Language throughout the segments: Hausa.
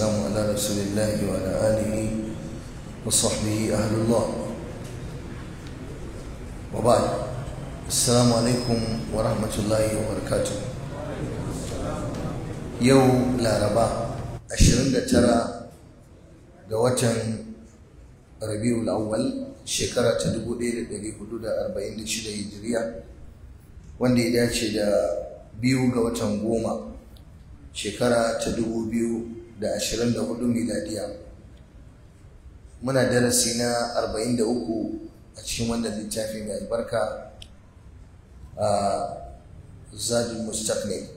والسلام على رسول الله وعلى آله وصحبه أهل الله وبعد السلام عليكم ورحمة الله وبركاته يو لا ربا عشرين ترى دوتن ربيع الأول تدبو دير ta حدود أربعين لشدة هجرية dace da دا بيو watan goma shekara تدبو بيو da ashirin da hudu miladiya muna darasi na arba'in da uku a cikin wannan littafi mai albarka a zadin mustaqni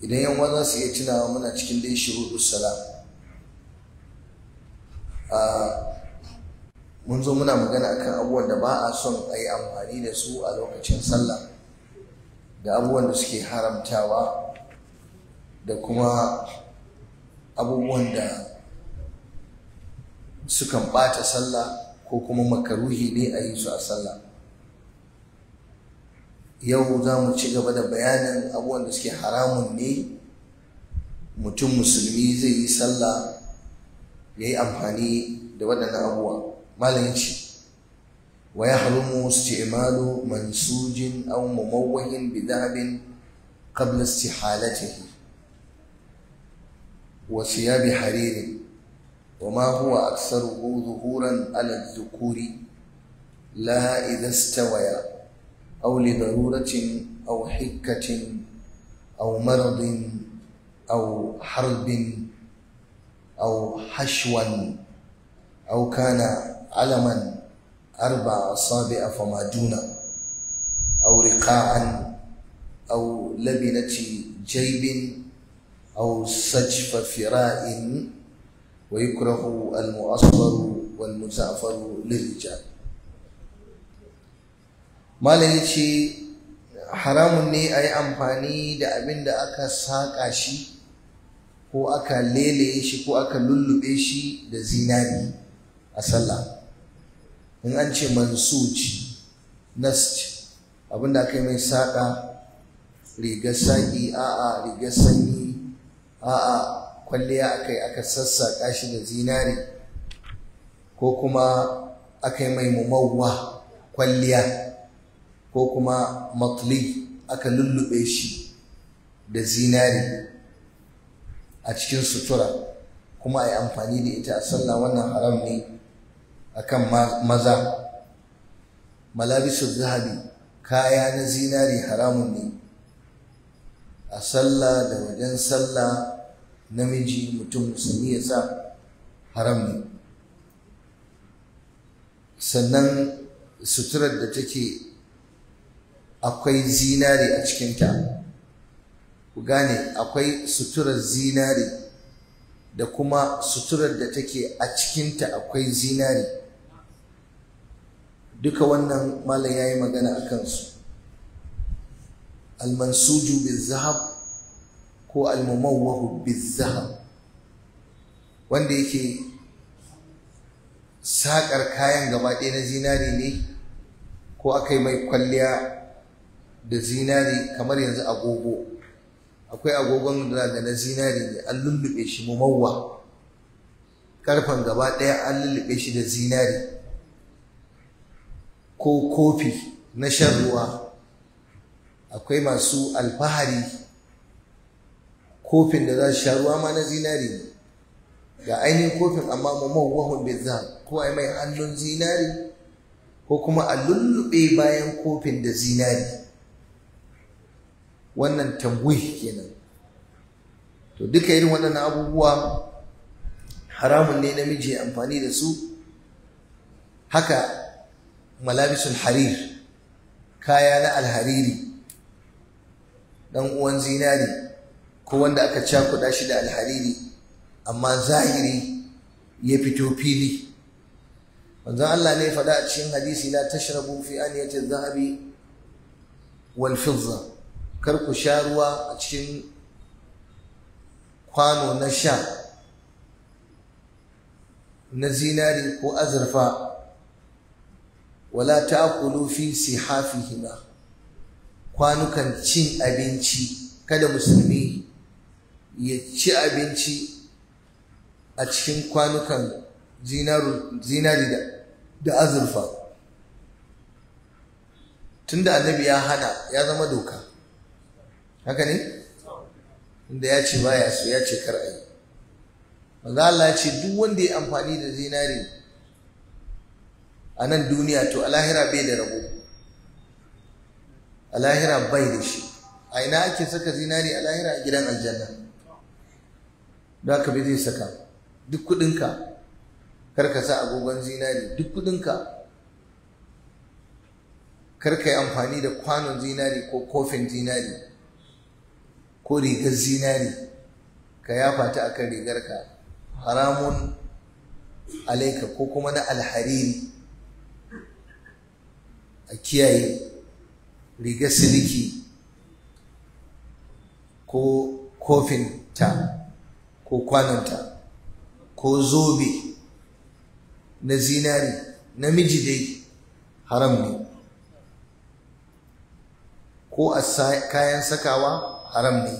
idan yan za su iya tunawa muna cikin dai shuruɗu sala mun zo muna magana akan abubuwan da ba a son a yi amfani da su a lokacin sallah da abubuwan da suke haramtawa da kuma abubuwan da sukan bata sallah ko kuma makaruhi ne a yi su a sallah yau za mu ci gaba da bayanin abubuwan da suke haramun ne mutum musulmi zai yi sallah ya yi amfani da waɗannan abubuwa malam ce wa ya harumu isti'malu mansujin aw mumawwahin bi dhahabin وثياب حرير وما هو أكثره ظهورا على الذكور لا إذا استويا أو لضرورة أو حكة أو مرض أو حرب أو حشوا أو كان علما أربع أصابع فما دون أو رقاعا أو لبنة جيب أو سجف فراء ويكره المؤصر والمزعفر للرجال ما ليشي haramun ne a yi amfani da abin da aka saƙa shi ko aka lele shi ko aka lullube shi da zinari a sallah in an ce mansuci nast abin da aka yi mai saƙa rigar saƙi a'a rigar sanyi a'a kwalliya aka yi aka sassaƙa shi da zinari ko kuma aka yi mai mumawwa kwalliya ko kuma matli aka lullube shi da zinari a cikin sutura kuma a yi amfani da ita a sallah wannan haram ne akan maza malabisu zahabi kaya na zinari haramun ne a sallah da wajen sallah namiji mutum musulmi ya sa haram ne sannan suturar da take akwai zinare a cikinta ku gane akwai suturar zinare da kuma suturar da take a cikinta akwai zinare duka wannan malam ya yi magana a kansu almansuju bizahab ko almumawwahu bizahab wanda yake saƙar kayan gaba ɗaya na zinari ne ko aka yi mai kwalliya da zinari kamar yanzu agogo akwai agogon da da na zinari ne an lullube shi mumawa ƙarfen gaba ɗaya an lullube shi da zinari ko kofi na shan ruwa akwai masu alfahari kofin da za su sha ruwa ma na zinari ga ainihin kofin amma mamawahun bizan ko a mai hannun zinari ko kuma a lullube bayan kofin da zinari wannan tambuhi kenan to duka irin waɗannan abubuwa haramun ne namiji ya amfani da su haka malabisul harir kaya na alhariri dan uwan zinari ko wanda aka cakuɗa shi da alhariri amma zahiri ya fito fili manzon Allah ne faɗa a cikin hadisi la tashrabu fi aniyati adh-dhahabi wal fidda kar ku sha ruwa a cikin kwano na sha na zinari ko azurfa wala ta'kulu fi sihafihima kwanukan cin abinci kada musulmi ya ci abinci a cikin kwanukan zinari da azurfa tunda annabi ya hana ya zama doka haka ne inda ya ce baya so ya ce kar ayi Allah ya ce duk wanda ya amfani da zinari a nan duniya to alahira bai da rabo a lahira bai da shi a ina ake saka zinari a lahira a gidan aljanna da ka bai zai saka duk kudinka kar sa agogon zinari duk kudinka kar ka yi amfani da kwanon zinari ko kofin zinari ko rigar zinari ka a ta akan rigarka haramun alaika ko kuma na alhariri a kiyaye rigar siliki ko kofinta ko kwanonta ko zobe na zinari namiji dai haram ne ko a kayan sakawa haram ne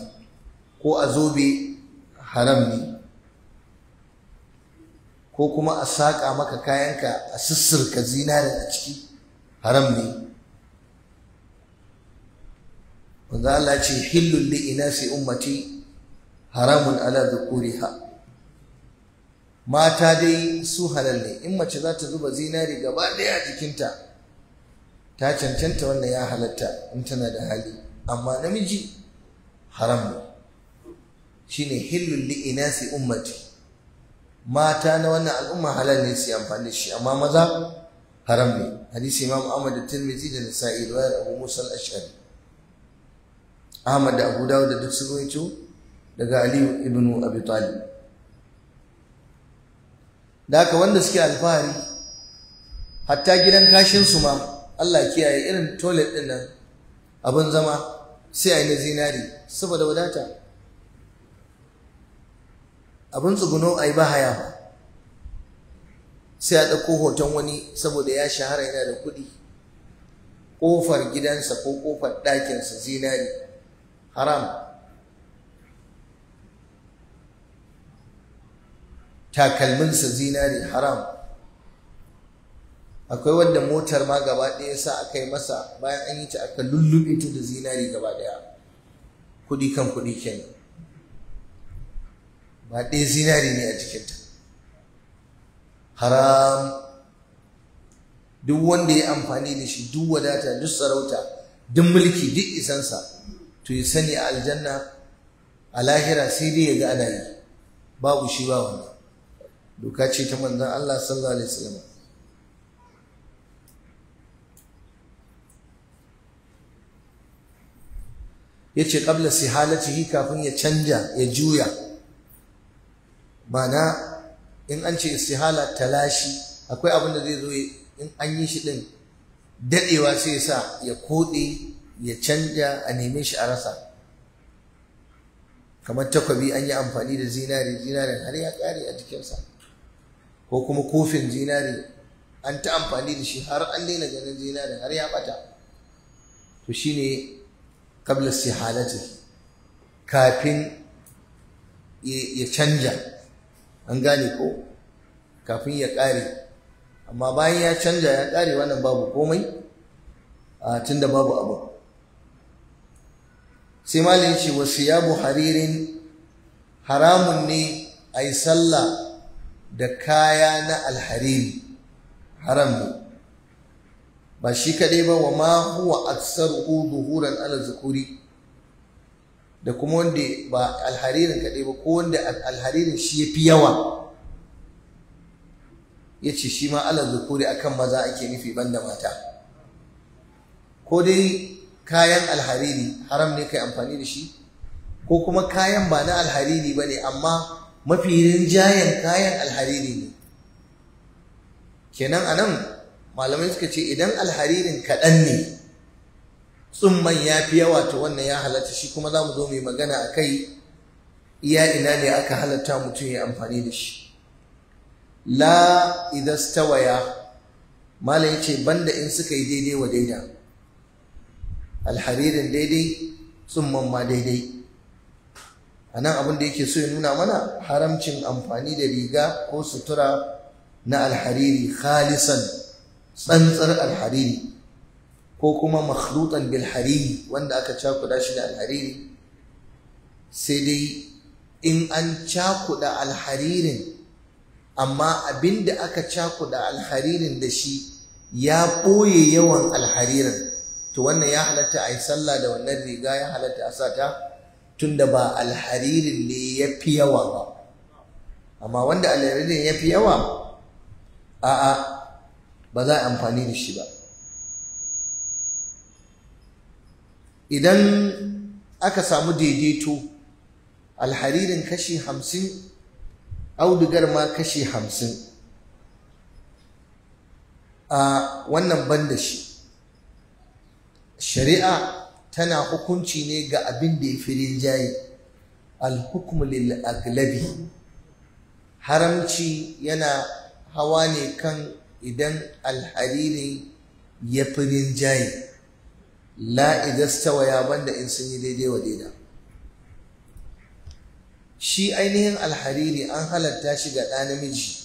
ko a zobe haram ne ko kuma a saƙa maka kayanka a sissirka zinarin a ciki haram ne manzo Allah ce hillul li inasi ummati haramun ala dhukuriha mata dai su halal ne in mace za ta zuba zinari gaba daya a jikinta ta cancanta wannan ya halatta in tana da hali amma namiji haram ne shine hillul li inasi ummati mata na wannan al'umma halal ne su amfani da shi amma maza haram ne hadisi imam Ahmad da Tirmidhi da Nasa'i da Abu Musa al-Ash'ari Ahmad da Abu Dawud da duk su rawaito daga Ali ibn Abi Talib da haka wanda suke alfahari hatta gidan kashin su ma Allah kiyaye irin toilet din nan abin zama sai ayi na zinari saboda wadata abin tsuguno ayi ba haya ba sai a ɗauko hoton wani saboda ya shahara yana da kuɗi ƙofar gidansa ko ƙofar ɗakinsa zinari haram takalminsa zinari haram akwai wadda motar ma gaba ɗaya sa aka yi masa bayan an yi ta aka lullube ta da zinari gaba ɗaya kuɗi kan kuɗi ken ba ɗaya zinari ne a jikinta haram duk wanda ya amfani da shi duk wadata duk sarauta duk mulki duk isansa to ya sani a aljanna a lahira sai dai ya ga ana yi babu shi ba wani doka ce ta manzon Allah sallallahu alaihi wasallam ya ce ƙabla sihalatihi kafin ya canja ya juya mana in an ce istihala talashi akwai abin da zai zo in an yi shi ɗin daɗewa sai sa ya koɗe ya canja a neme shi a rasa kamar takwabi an yi amfani da zinari zinarin har ya kare a jikinsa ko kuma kofin zinari an ta amfani da shi har an daina ganin zinarin har ya bata to shi shine qabla istihalati kafin ya canja an gane ko kafin ya kare amma bayan ya canja ya kare wannan babu komai a da babu abu sai malin ce wa siyabu haririn haramun ne a yi sallah da kaya na alhariri haram ne ba shi kaɗai ba wa ma huwa aksaruhu duhuran ala zukuri da kuma wanda ba alharirin kaɗai ba ko wanda alharirin shi ya fi yawa ya ce shi ma ala zukuri akan maza ake nufi banda mata ko dai kayan alhariri haram ne kai amfani da shi ko kuma kayan ba na alhariri ba ne amma mafi rinjayen kayan alhariri ne kenan anan malamai suka ce idan alharirin kaɗan ne tsumman ya fi yawa to wannan ya halatta shi kuma za mu zo mai magana a kai iya ina ne aka halatta mutum ya amfani da shi la idastawaya malam ce banda in suka yi daidai wa daidai alharirin daidai tsumman ma daidai a nan abin da yake so ya nuna mana haramcin amfani da riga ko sutura na alhariri khalisan tsantsar alhariri ko kuma makhlutan bilhariri wanda aka cakuda shi da alhariri sai dai in an cakuda alharirin amma abin da aka cakuda alharirin da shi ya ɓoye yawan alharirin to wannan ya halatta a yi sallah da wannan riga ya halatta a sa ta tunda ba alharirin ne ya fi yawa ba amma wanda alharirin ya fi yawa a'a ba za a amfani da shi ba idan aka samu daidaito alharirin kashi hamsin audugar ma kashi hamsin a wannan ban da shi shari'a tana hukunci ne ga abin da ya fi rinjaye alhukumulil lil aglabi haramci yana hawa ne kan idan alhariri ya fi rinjaye la ya banda in sun yi daidai wa daida shi ainihin alhariri an halatta shi ga ɗa namiji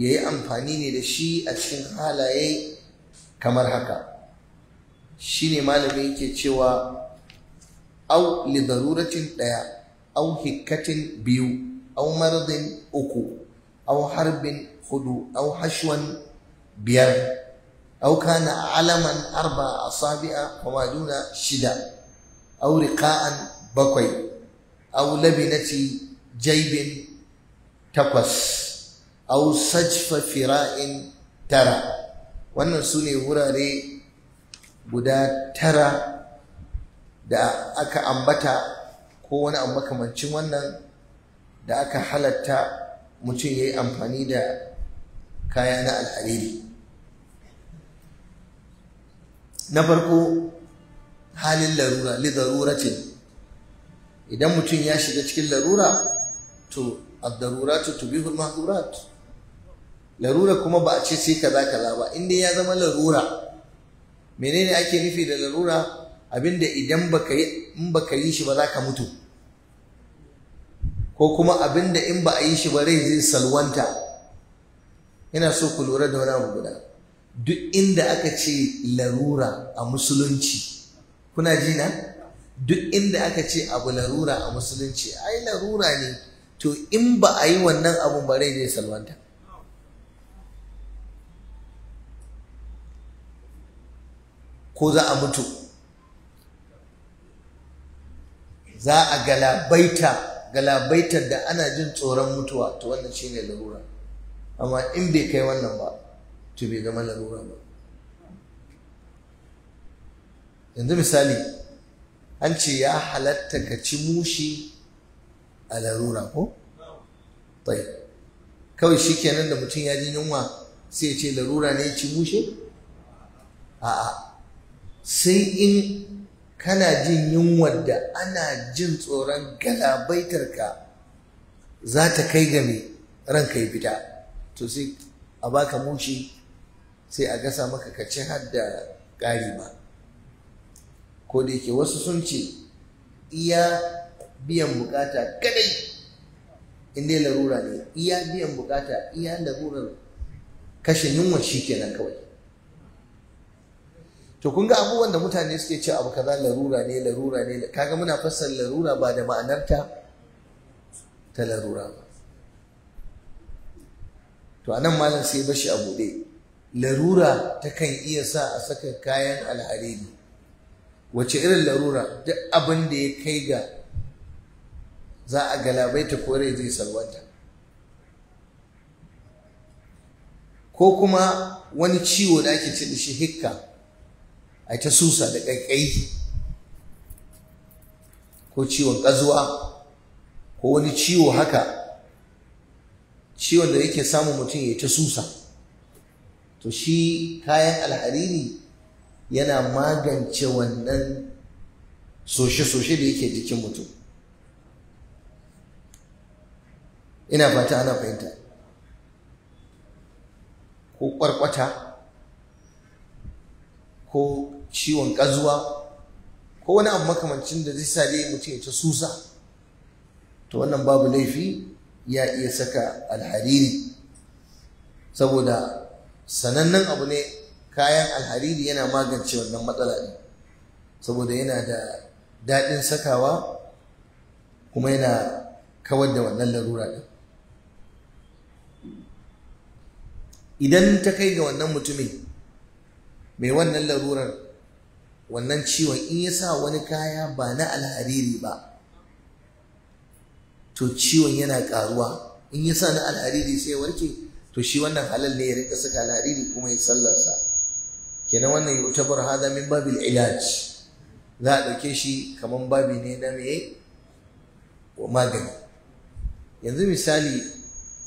ya yi amfani ne da shi a cikin halaye kamar haka ne malamin yake cewa au li daruratin daya au hikkatin biyu au maradin uku au harbin hudu au hashwan biyar au kana alaman arba sabi'a wa duna shida au rika'an bakwai au labinati jaibin takwas au sajfa fira'in tara wannan su ne wurare guda tara da aka ambata ko wani abu makamancin wannan da aka halatta mutum ya yi amfani da kaya na al'ariri na farko halin larura li daruratin idan mutum ya shiga cikin larura to ad-daruratu tubihul mahdurat larura kuma ba a ce sai kaza kaza ba inda ya zama larura menene ake nufi da larura abinda idan baka yi in yi shi ba za ka mutu ko kuma abinda in ba a yi shi ba rai zai salwanta yana so ku lura da wani abu guda duk inda aka ce larura a musulunci kuna ji na duk inda aka ce abu larura a musulunci ai larura ne to in ba a yi wannan abun ba rai zai salwanta ko za a mutu za a galabaita galabaitar da ana jin tsoron mutuwa to wannan shi ne larura amma in bai kai wannan ba to bai zama larura ba yanzu misali an ce ya halatta ka ci mushi a larura ko? bai kawai shi kenan da mutum ya ji yunwa sai ya ce larura ne ya ci mushi? a'a sai in kana jin yunwar da ana jin tsoron galabaitarka za ta kai ga me ranka kai fita to sai a baka mushi sai a gasa maka ka ci har da ƙari ba ko da yake wasu sun ce iya biyan bukata kadai in dai larura ne iya biyan bukata iya larurar kashe yunwa shi kenan kawai to kun ga abubuwan da mutane suke ce abu kaza larura ne larura ne kaga muna fassara larura ba da ma'anarta ta larura ba to anan malam sai bashi a buɗe larura takan iya sa a saka kayan alhariri wace irin larura duk abin da ya kai ga za a galabaita kore zai salwanta ko kuma wani ciwo da ake ce da shi hikka a ta susa da ƙaiƙayi ko ciwon ƙazuwa ko wani ciwo haka ciwon da yake samun mutum ya ta susa to shi kayan alhariri yana magance wannan soshe-soshe da yake jikin mutum ina fata ana fahimta ko ƙwarƙwata ko ciwon ƙazuwa ko wani abu makamancin da zai sa dai mutum ta susa to wannan babu laifi ya iya saka alhariri saboda sanannen abu ne kayan alhariri yana magance wannan matsala ne, saboda yana da daɗin sakawa kuma yana kawar da wannan larura ɗin idan ta kai ga wannan mutumin mai wannan larurar wannan ciwon in yasa wani kaya ba na alhariri ba to ciwon yana karuwa in yasa na alhariri sai warke to shi wannan halal ne ya rika saka alhariri kuma ya sallarsa kenan wannan bar hada min babil ilaj za a ɗauke shi kamar babi ne na me magani yanzu misali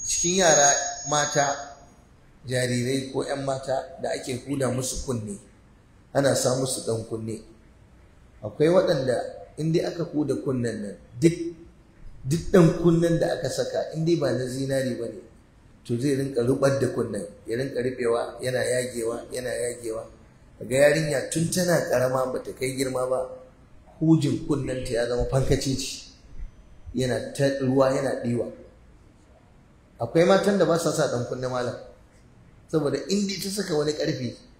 cikin yara mata jarirai ko 'yan mata da ake huda musu kunne ana sa su dan kunne akwai waɗanda in dai aka kuda kunnen nan duk duk dan kunnen da aka saka in dai ba na zinari ba ne to zai rinka rubar da kunnen ya rinka rubewa yana yagewa yana yagewa ga yarinya tun tana karama ba ta kai girma ba hujin kunnen ta ya zama ce yana ta ruwa yana ɗiwa akwai matan da ba sa sa dan kunne malam saboda in dai ta saka wani ƙarfe.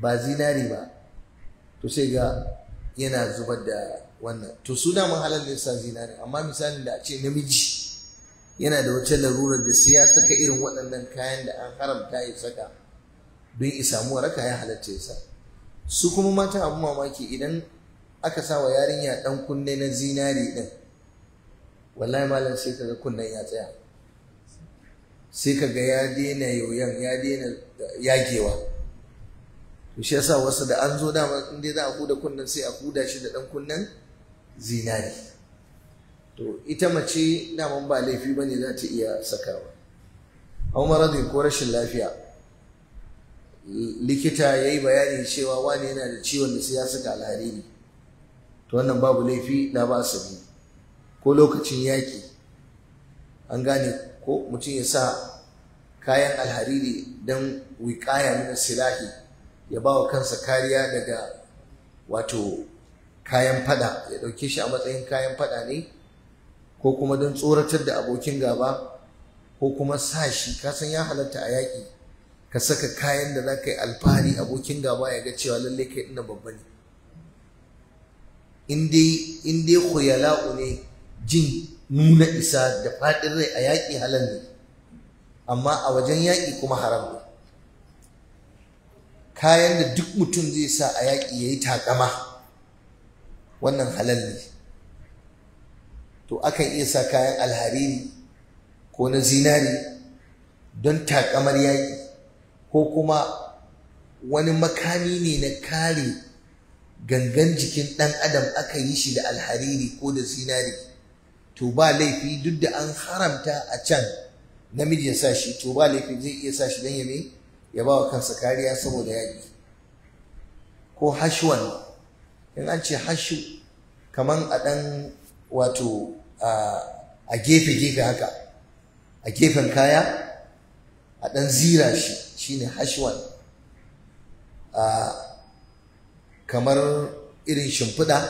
ba zinari ba to sai ga yana zubar da wannan to suna mun halar da sa zinari amma misalin da a ce namiji yana da wata larurar da sai ya saka irin waɗannan kayan da an haramta ya saka don ya samu waraka ya halarci ya sa su kuma mata abu mamaki idan aka sa wa yarinya ɗan kunne na zinari ɗin wallahi malam sai kaga kunnen ya tsaya sai kaga ya daina yoyon ya daina yagewa to shi yasa wasu da an zo dama in dai za a huda kunnen sai a huda shi da dan kunnen zinari to ita mace daman ba laifi bane za ta iya sakawa an radin ko rashin lafiya likita ya yi bayani cewa wani yana da ciwon da sai ya saka alhariri to wannan babu laifi na ba su bi ko lokacin yaƙi an gane ko mutum ya sa kayan alhariri don wiƙaya na silahi ya ba wa kansa kariya daga wato kayan fada ya ɗauke shi a matsayin kayan fada ne ko kuma don tsoratar da abokin gaba ko kuma sa shi kasan ya halatta a yaƙi ka saka kayan da za ka yi alfahari abokin gaba ya ga cewa lalle kai ina babba ne in dai khuyala'u ne jin nuna isa da faɗin rai a yaƙi halal ne amma a wajen yaƙi kuma haram ne kayan da duk mutum zai sa a yaƙi ya yi takama wannan halal ne to akan iya sa kayan alhariri ko na zinari don taƙamar yaƙi ko kuma wani makami ne na kare gangan jikin ɗan adam aka yi shi da alhariri ko da zinari to ba laifi duk da an haramta a can namiji ya sa shi to ba laifi zai iya sa shi don ya mai ya ba wa kansa kariya saboda yaƙi ko hashuwan in an ce hashu kaman a ɗan wato a gefe-gefe haka a gefen kaya a ɗan zira shi shine hashuwan kamar irin shimfiɗa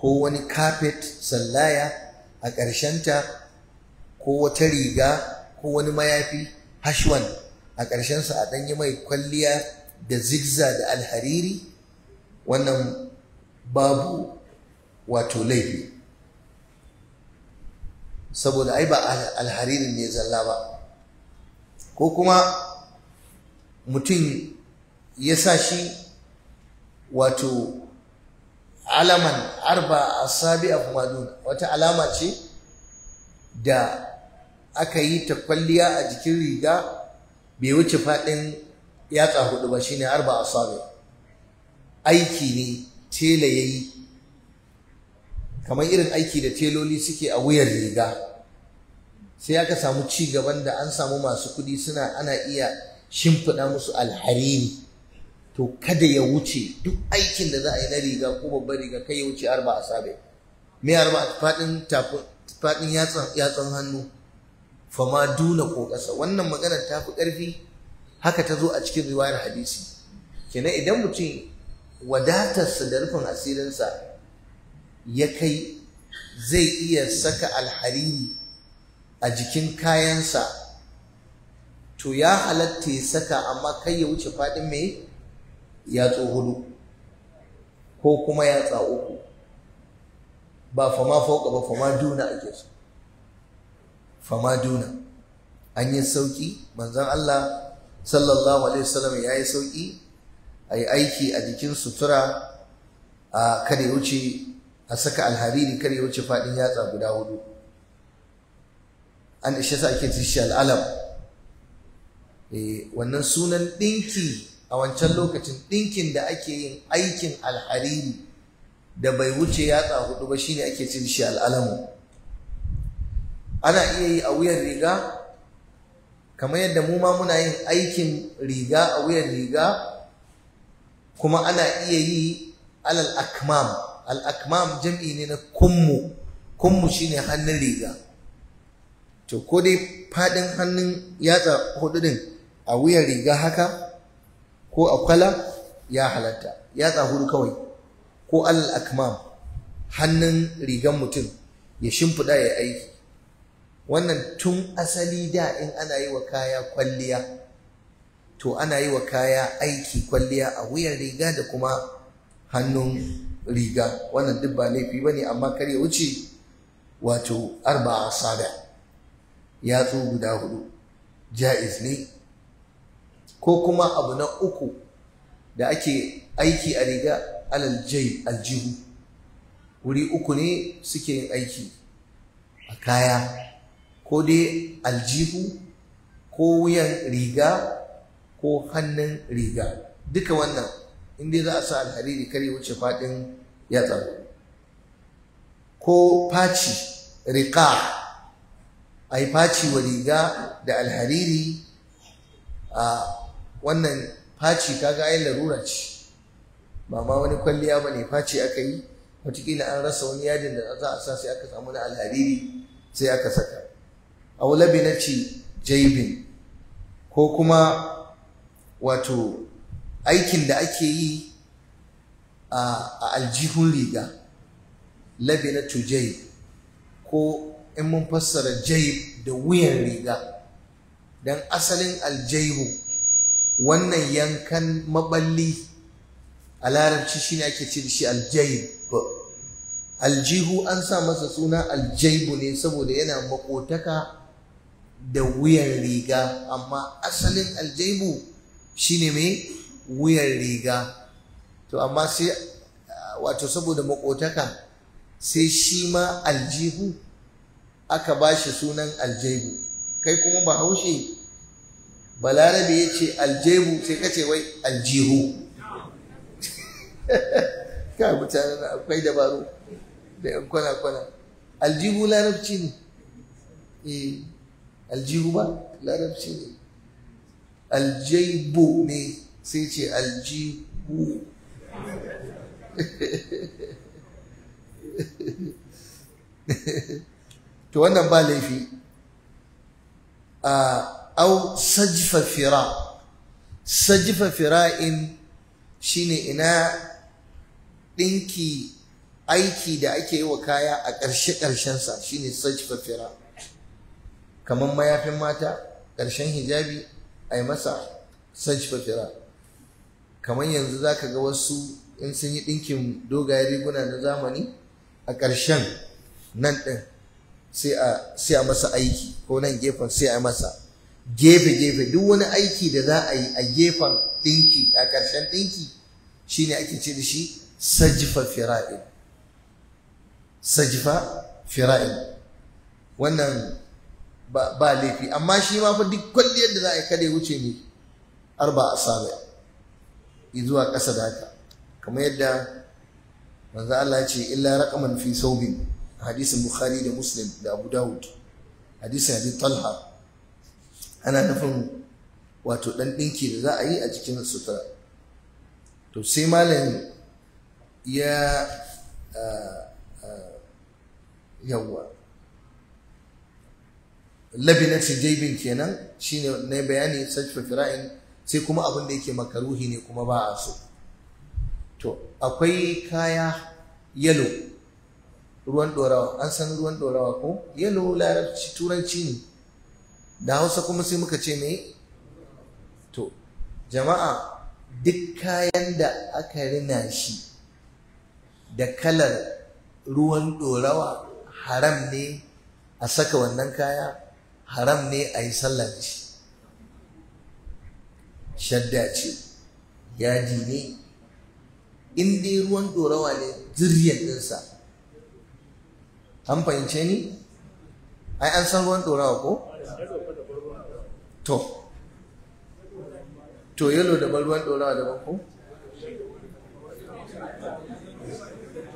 ko wani kafet sallaya a ƙarshenta ko wata riga ko wani mayafi hashwan a ƙarshensa a ɗanyi mai kwalliya da zigza da alhariri wannan babu wato laifi saboda ai ba alhariri ne zalla ba ko kuma mutum ya sa shi wato alaman arba a sabi a kumaduna wata alama ce da aka yi ta kwalliya a jikin riga bai wuce faɗin yatsa hudu ba shine arba asabi aiki ne tela ya yi. kamar irin aiki da teloli suke a wuyar riga sai aka samu ci gaban da an samu masu kuɗi suna ana iya shimfiɗa musu alharini to kada ya wuce duk aikin da za a yi na riga ko babban riga kai ya wuce arba asabe me arba faɗin yatsan hannu fama duna ko ƙasa wannan magana ta fi ƙarfi haka ta zo a cikin riwayar hadisi kenan idan mutum wadatarsa da rufin asirinsa ya kai zai iya saka alhariri a jikin kayansa to ya halatta ya saka amma kai ya wuce faɗin mai ya hudu ko kuma yatsa uku ba fama fauka ba fama duna ake so fama duna an yi sauki manzon Allah sallallahu alaihi wasallam ya yi sauki a yi aiki a jikin sutura a kare wuce a saka alhariri kare wuce faɗin yatsa guda hudu an ishe sa ake tishi al'alam eh, wannan sunan ɗinki a wancan lokacin ɗinkin da ake yin aikin alhariri da bai wuce yatsa hudu ba shine ake tishi al'alamu ana iya yi a wuyan riga kamar yadda mu ma muna yin aikin riga a wuyan riga kuma ana iya yi alal akmam al akmam jam'i ne na Kunmu kummu shine hannun riga to ko dai fadin hannun yatsa hudu din a wuyan riga haka ko a kwala ya halatta yatsa hudu kawai ko alal akmam hannun rigan mutum ya shimfiɗa ya aiki wannan tun asali da in ana yi wa kaya kwalliya to ana yi wa kaya aiki kwalliya a wuyan riga da kuma hannun riga wannan duk ba laifi ba ne amma kar ya wuce wato arba'a sada ya yatsu guda hudu ja'iz ne ko kuma abu na uku da ake aiki a riga alal jai aljihu wuri uku ne suke yin aiki a kaya ko dai aljihu ko wuyan riga ko hannun riga duka wannan in dai za a sa alhariri kare wuce faɗin yatsa ko faci riƙa a yi faci wa riga da alhariri a wannan faci kaga ai larura ce ba ma wani kwalliya ba ne faci aka yi wataƙila an rasa wani yadin da za a sa sai aka samu na alhariri sai aka saka na ce jaibin ko kuma wato aikin da ake yi a aljihun riga labi na jaib ko in mun fassara jaib da wuyan riga don asalin aljihu wannan yankan maballi a larabci ne ake ce da shi aljaib aljihu an sa masa suna aljaibu ne saboda yana makotaka da wuyan riga amma asalin aljaibu shine mai wuyan riga to amma sai wato saboda makotaka sai shi ma aljihu aka ba shi sunan aljaibu kai kuma ba haushe balarabe ya ce aljaibu sai ka ce wai aljihu ka mutane na akwai dabaru da yan kwana-kwana aljihu larabci ne eh. aljihu ba larabci ne aljaibu ne sai ce aljihu to wannan ba laifi ah, au sajfa fira sajfa fira'in shine ina ɗinki aiki da ake yi wa kaya a ƙarshe ƙarshensa shine Sajifa fira' kamar mayafin mata ƙarshen hijabi a yi masa fira. kamar yanzu za ka ga wasu in sun yi ɗinkin dogayen riguna na zamani a ƙarshen nan ɗin sai a masa aiki ko nan gefen sai a masa gefe-gefe duk wani aiki da za a yi a gefen ɗinki a ƙarshen ɗinki shi ne ake ce da shi sajifa fira'in sajifa fira'in wannan ba laifi amma shi ma fa duk kwalli yadda za a yi kada wuce ne arba a sabe zuwa ƙasa da haka kamar yadda manzo Allah ce illa raqaman fi saubin hadisin bukhari da muslim da abu dawud hadisin hadith talha ana nufin wato dan dinki da za a yi a cikin sutura to sai malam ya ah, ah, yawwa labinan jaibin kenan shine na bayani sajfa fira'in sai kuma abin da yake makaruhi ne kuma ba a so to akwai kaya yalo ruwan dorawa an san ruwan dorawa ko yalo larabci turanci ne da hausa kuma sai muka ce me to jama'a duk kayan da aka rina shi da kalar ruwan dorawa haram ne a saka wannan kaya haram ne a yi sallah shaddaci shi shadda ce yaji ne dai ruwan dorawa ne zirriyar ɗinsa an fahimce ni ai an san ruwan dorawa ko to to yalo da ruwan dorawa daban ko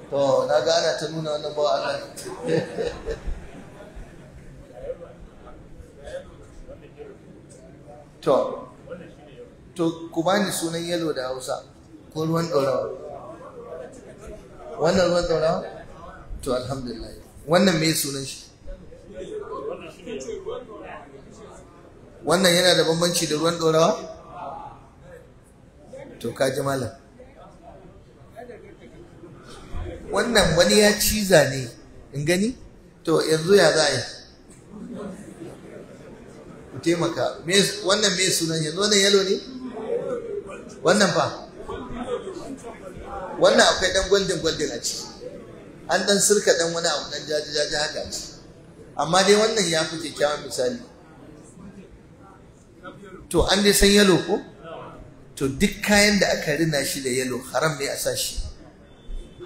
to na gana ta nuna wannan ba to to ku bani sunan yalo da hausa ko ruwan ɗorawa wannan ruwan ɗorawa to alhamdulillah wannan me sunan shi wannan yana da bambanci da ruwan ɗorawa to ka ji malam wannan wani ya ciza ne in gani to yanzu ya za a yi ku taimaka wannan me sunan yanzu wannan yalo ne wannan fa wannan akwai dan gwaldin gwaldin a ciki an dan sirka dan wani abu dan jaji jaji haka a amma dai wannan ya fi kyakkyawan misali to an dai san yalo ko to duk kayan da aka rina shi da yalo haram ne a sa shi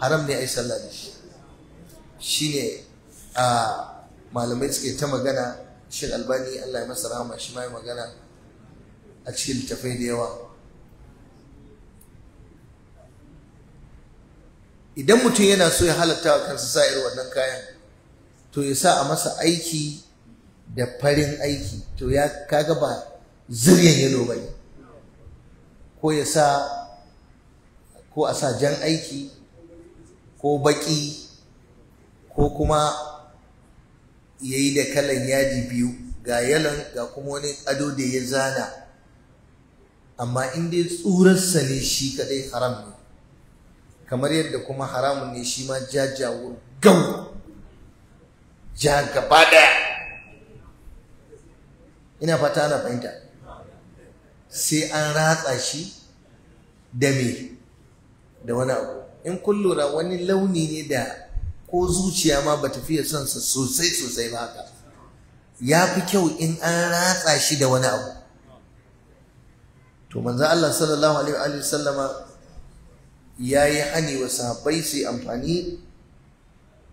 haram ne a yi sallah da shi ne, a malamai suke ta magana shin albani allah ya masa rahama shi ma ya magana a cikin littafai da yawa idan mutum yana so ya halatta wa kansa sa irin wannan kayan to ya sa a masa aiki da farin aiki to ya kaga ba ziryan yalo ba ko ya sa ko a sa jan aiki ko baki ko kuma ya yi da kalan yadi biyu ga yalan ga kuma wani ado da ya zana amma in dai tsurarsa ne shi kadai haram ne kamar yadda kuma haramun ne shi ma jajawur gau ja gaba daya ina fata ana fahimta sai an ratsa shi da me da wani abu in kun lura wani launi ne da ko zuciya ma bata fiye son sa sosai sosai ba haka ya fi kyau in an ratsa shi da wani abu to manzo Allah sallallahu alaihi wa sallama ya yi hani wa sahabbai su amfani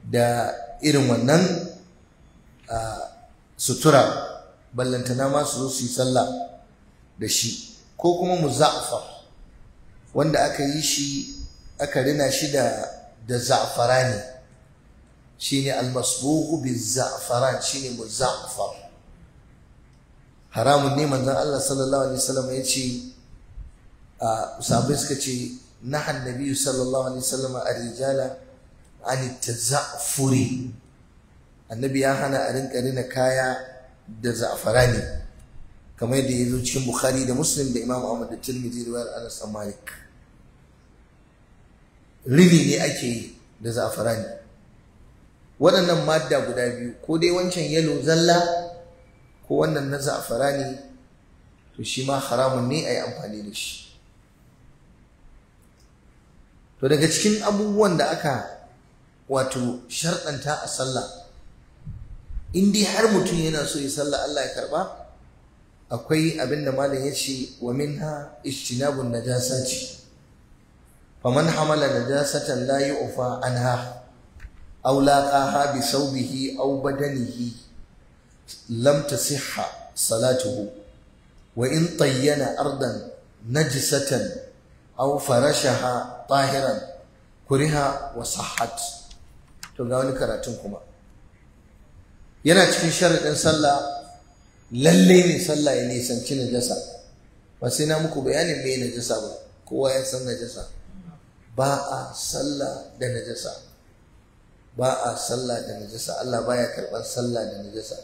da irin wannan sutura ballantana ma su zo su yi sallah da shi ko kuma muza'far wanda aka yi shi aka rina shi da da ne. shine almasbuqu bizzafaran shine muzaffar haramun ne manzon Allah sallallahu alaihi wasallam ya ce sahabbai suka ce nahan nabiyyu sallallahu alaihi wasallam ar-rijala an tazaffuri annabi ya hana a rinka rina kaya da za'farani kamar yadda ya zo cikin bukhari da muslim da imam ahmad da tirmidhi riwayar anas malik rini ne ake yi da za'farani waɗannan madda guda biyu ko dai wancan yalo zalla ko wannan na ne, to shi ma haramun ne a yi amfani da shi to daga cikin abubuwan da aka wato sharɗanta a sallah in dai har mutum yana so ya sallah Allah ya karɓa akwai abin da malam ya ce wa minha ijtinabun najasati faman hamala najasatan ofa yu'fa anha aw laqaha bi saubihi aw badanihi lam tasihha salatuhu wa in tayyana ardan najisatan aw farashaha tahiran kuriha wa sahad. to ga wani karatun kuma yana cikin sharaɗin sallah lallai ne sallah ya nisanci najasa ba sai na muku bayanin me najasa ba kowa ya san najasa ba a sallah da najasa ba a sallah da najasa Allah baya karɓar sallah da najasa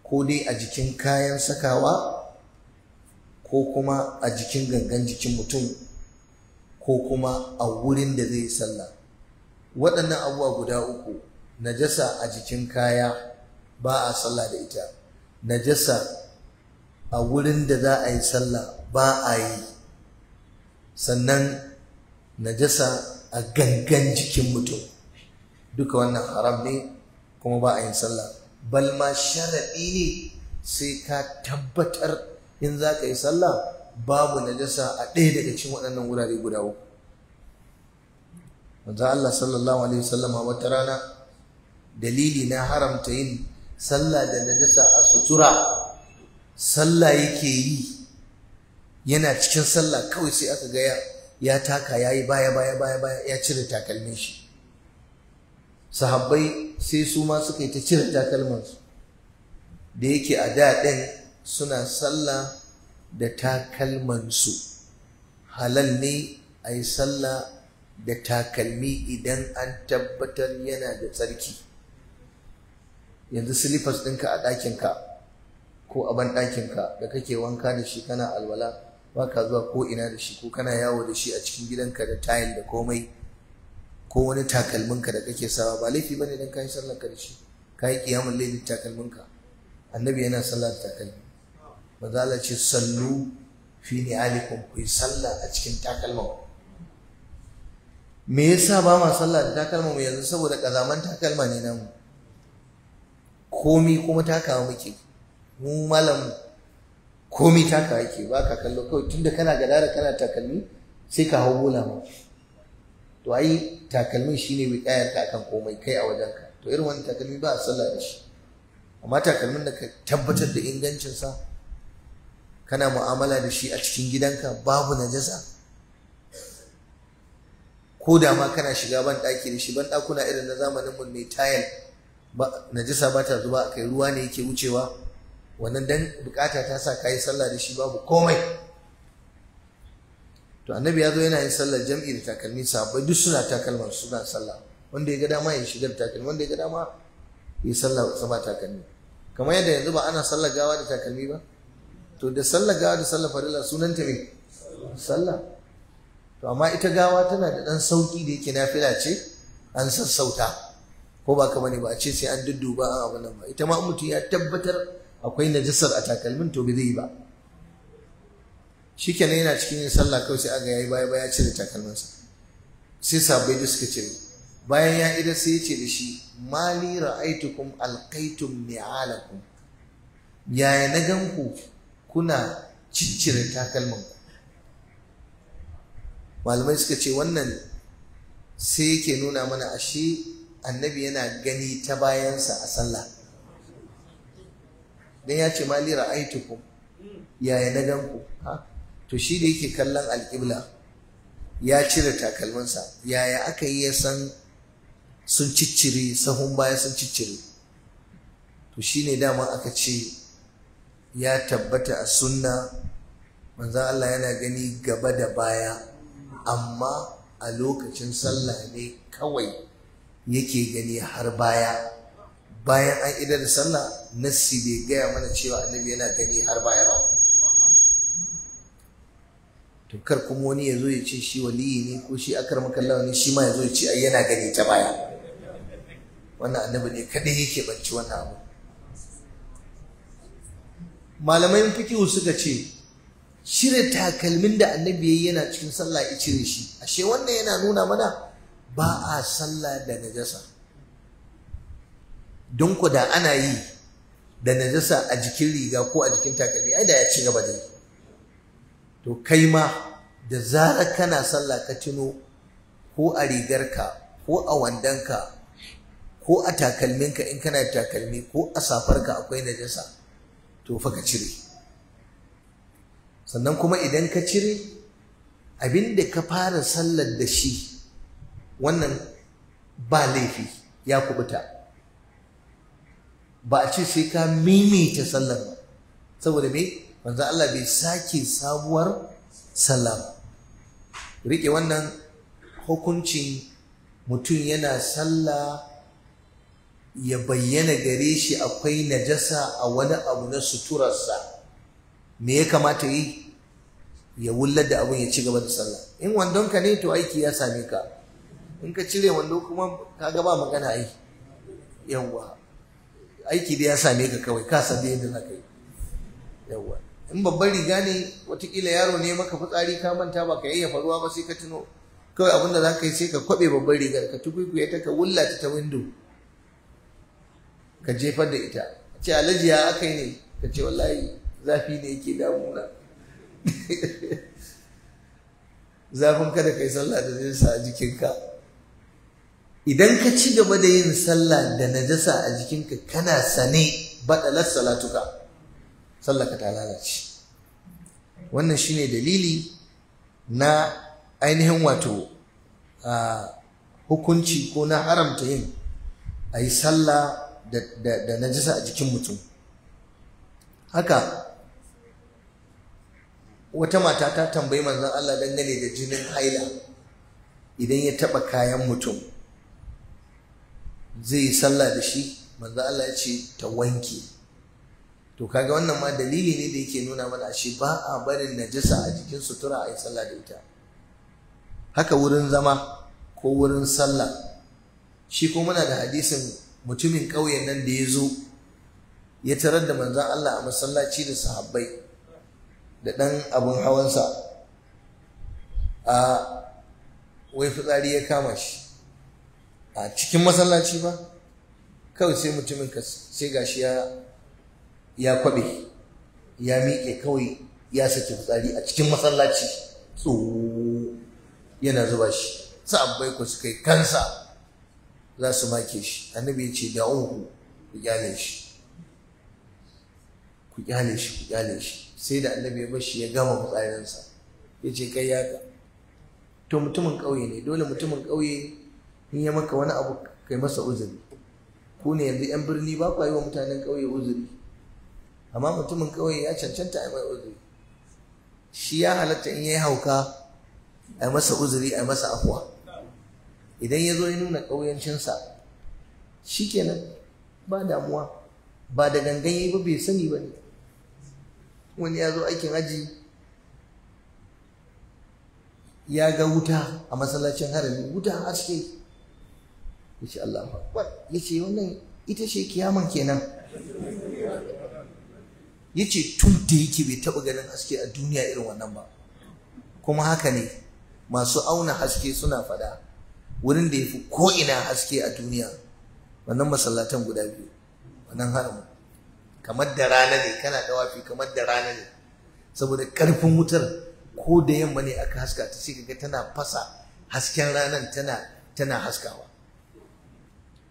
ko dai a jikin kayan sakawa ko kuma a jikin gangan jikin mutum ko kuma a wurin da zai sallah waɗannan abubuwa guda uku najasa a jikin kaya ba a sallah da ita najasa a wurin da za a yi sallah ba a yi sannan najasa a gangan jikin mutum duka wannan haram ne kuma ba a yin sallah bal ma sharaɗi ne sai ka tabbatar in za ka yi sallah babu najasa a ɗaya daga cikin waɗannan wurare guda uku manzo Allah sallallahu alaihi wasallama wata rana dalili na haramta yin sallah da najasa a sutura sallah yake yi yana cikin sallah kawai sai aka gaya ya taka yayi baya baya baya baya ya cire takalmin shi sahabbai sai su ma suka yi ta cire takalmansu da yake a da ɗin suna sallah da takalmansu halal ne a yi sallah da takalmi idan an tabbatar yana da tsarki yanzu silifas ɗinka a ɗakinka ko a ban ɗakinka da kake wanka da shi kana alwala ba ka zuwa ko ina da shi ko kana yawo da shi a cikin gidanka da tayil da komai ko wani takalmin ka da kake sawa ba laifi bane dan kai sallar karshe kai kiyamul takalmin takalminka annabi yana sallar takalmi manzo ce sallu fi ni'alikum ku salla a cikin takalmin me yasa ba ma sallah da takalma mu yanzu saboda kazaman takalma ne namu komi kuma takawa muke mu malam komi takawa yake ba ka kallo kawai tunda kana gadara kana takalmi sai ka hau bola mu to ai takalmin shine wiƙayar ka kan komai kai a wajen ka to irin wannan takalmi ba a sallah da shi amma takalmin da ka tabbatar da ingancin sa kana mu'amala da shi a cikin gidanka babu najasa ko da ma kana shiga ban daki da shi ban dakuna irin na zamanin mu mai tayal najasa ba ta zuba a kai ruwa ne yake wucewa wannan dan bukata ta sa yi sallah da shi babu komai to annabi ya zo yana yin sallar jam'i da takalmi sahabbai duk suna takalman suna sallah wanda ya ga dama ya shigar takalmi wanda ya ga dama ya sallah sama takalmi kamar yadda yanzu ba ana sallar gawa da takalmi ba to da sallar gawa da sallar farilla sunanta me sallah to amma ita gawa tana da dan sauki da yake nafila ce an sassauta ko ba ka ne ba a ce sai an dudduba an abu nan ba ita ma mutum ya tabbatar akwai najasar a takalmin to bai zai yi ba shi kenan yana cikin yin sallah kawai sai aga yayi baya baya cire takalminsa sai sabai da suka ce bayan ya ida sai ya ce da shi mali ra'aitukum alqaitum mi'alakum yaya na ganku kuna ciccire ku malamai suka ce wannan sai yake nuna mana ashe annabi yana gani ta bayansa a sallah dan ya ce mali ra'aitukum yaya na ganku ha to shi da yake kallon alƙibla ya cire takalminsa, yaya aka yi ya san sun ciccire sahun baya sun ciccire to shi ne dama aka ce ya tabbata a sunna manzan Allah yana gani gaba da baya amma a lokacin sallah ne kawai yake gani har baya bayan an idar da sallah nassi bai gaya mana cewa annabi yana gani har baya ba to kar kuma wani ya zo ya ce shi waliyi ne ko shi akar makallawa ne shi ma ya zo ya ce yana gani ta baya wannan annabi ne kadai yake banci wannan abu malamai fikihu suka ce cire takalmin da annabi yayi yana cikin sallah ya cire shi ashe wannan yana nuna mana ba a sallah da najasa don ku da ana yi da najasa a jikin riga ko a jikin takalmi ai da ya ci gaba da yi to kai ma da zarar kana sallah ka tuno ko a rigarka ko a wandanka, ko a takalminka in kana takalmi ko a safarka akwai najasa to fa ka cire sannan kuma idan ka cire abin da ka fara sallar da shi wannan ba laifi ya kubuta ba a ce sai ka mimita sallar ba saboda me manzo Allah bai sake sabuwar sallah rike wannan hukuncin mutum yana sallah ya bayyana gare shi akwai najasa a wani abu na suturarsa me ya kamata yi ya wullar da abun ya ci gaba da sallah in wandon ka ne to aiki ya same ka in ka cire wando kuma ka gaba magana yi yawwa aiki da ya same ka kawai ka san da yadda na kai yawwa in babban riga ne watakila yaro ne maka fitsari ka manta ba ka yayyafa ruwa ba sai ka tuno kawai abin da za ka yi sai ka kwabe babban rigar ka tukwikwiye ta ka wulla ta ta windo ka jefar da ita A ce alaji ya aka yi ne ka ce wallahi zafi ne yake damuna zafin kada ka yi sallah da sa a jikinka idan ka ci gaba da yin sallah da najasa a jikinka kana sane baɗalar salatuka sallaka ta lalace wannan shine dalili na ainihin wato a hukunci ko na haramta yin a yi sallah da jisa a jikin mutum haka wata mata ta tambayi manzon Allah dangane da jinin haila idan ya taɓa kayan mutum zai yi sallah da shi manzon Allah ya ce ta wanke to kaga wannan ma dalili ne da yake nuna mana shi ba a barin najasa a jikin sutura a yi sallah da ita haka wurin zama ko wurin sallah shi ko muna da hadisin mutumin ƙauyen nan da ya zo ya tarar da manzan Allah a masallaci da sahabbai da ɗan abin hawansa a wai fitsari ya kama shi a cikin masallaci ba kawai sai mutumin sai gashi ya ya kwaɓe ya miƙe kawai ya saki fitsari a cikin masallaci tsoho yana zuba shi sa'abbai ku suka yi kansa za su make shi annabi ya ce da uku ku kyale shi ku kyale shi ku kyale shi sai da annabi ya bashi ya gama fitsarinsa ya ce kai ya ka to mutumin ƙauye ne dole mutumin ƙauye in ya maka wani abu kai masa uzuri ku ne yanzu 'yan birni ba ku yi wa mutanen ƙauye uzuri amma mutumin kawai ya cancanta a mai uzuri shi ya halatta in ya yi hauka a masa uzuri a masa afuwa idan ya zo ya nuna ƙauyancinsa shikenan ba damuwa ba da gangan yi ba bai sani ba ne wani ya zo aikin aji ya ga wuta a masallacin harami wuta haske ya ce Allah ya ce wannan ita ce kiyaman kenan ya ce tun da yake bai taɓa ganin haske a duniya irin wannan ba kuma haka ne masu auna haske suna fada wurin da ya fi ko'ina haske a duniya wannan masallatan guda biyu wannan haramu kamar da rana ne kana da wafi kamar da rana ne saboda karfin wutar ko da yamma ne aka haska ta shiga ga tana fasa hasken ranar tana tana haskawa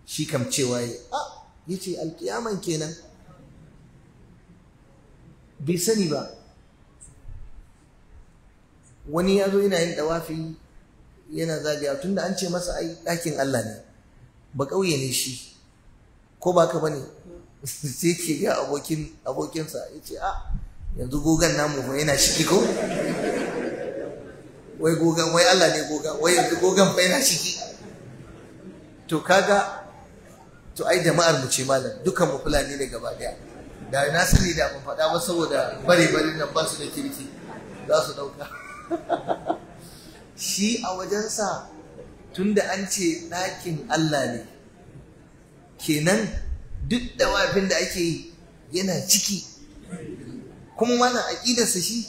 shi kam cewa ya a ah, alkiyaman kenan bai sani ba wani ya zo yana yin dawafi yana zagaya tunda an ce masa ai ɗakin Allah ne ba ƙauye ne shi ko ba ka bane sai ke ga abokin abokinsa ya ce a ah, yanzu gogan namu ba yana shiki ko wai gogan wai Allah ne gogan wai yanzu gogan fa yana shiki to kaga to ai jama'ar mu ce malam dukan mu fulani ne gaba daya da na sani da ban faɗa ba saboda bare bare nan ba su da kirki za su ɗauka shi a wajensa tunda an ce ɗakin Allah ne kenan duk da wafin da ake yi yana ciki kuma mana aƙidarsa shi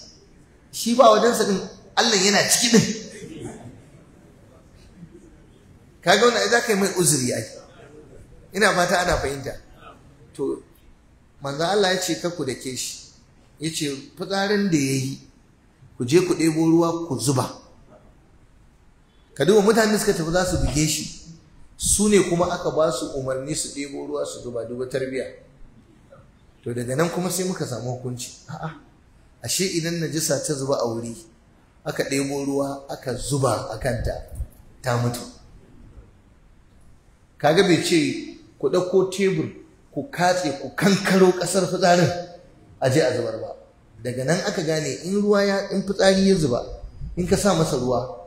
shi ba wajensa din Allah yana ciki din kaga wani za ka yi mai uzuri ai ina fata ana fahimta to manzo Allah ya ce ka ku dake shi yace fitsarin da yayi ku je ku ɗebo ruwa ku zuba ka duba mutane suka tafi za su buge shi su ne kuma aka ba su umarni su ɗebo ruwa su zuba duba tarbiya to daga nan kuma sai muka samu hukunci a'a ashe idan na najisa ta zuba a wuri aka ɗebo ruwa aka zuba a kanta ta mutu kaga bai ce ku ɗauko tebur ku katse ku kankaro ƙasar fitsarin a je a zubar ba daga nan aka gane in ruwa ya in fitsari ya zuba in ka sa masa ruwa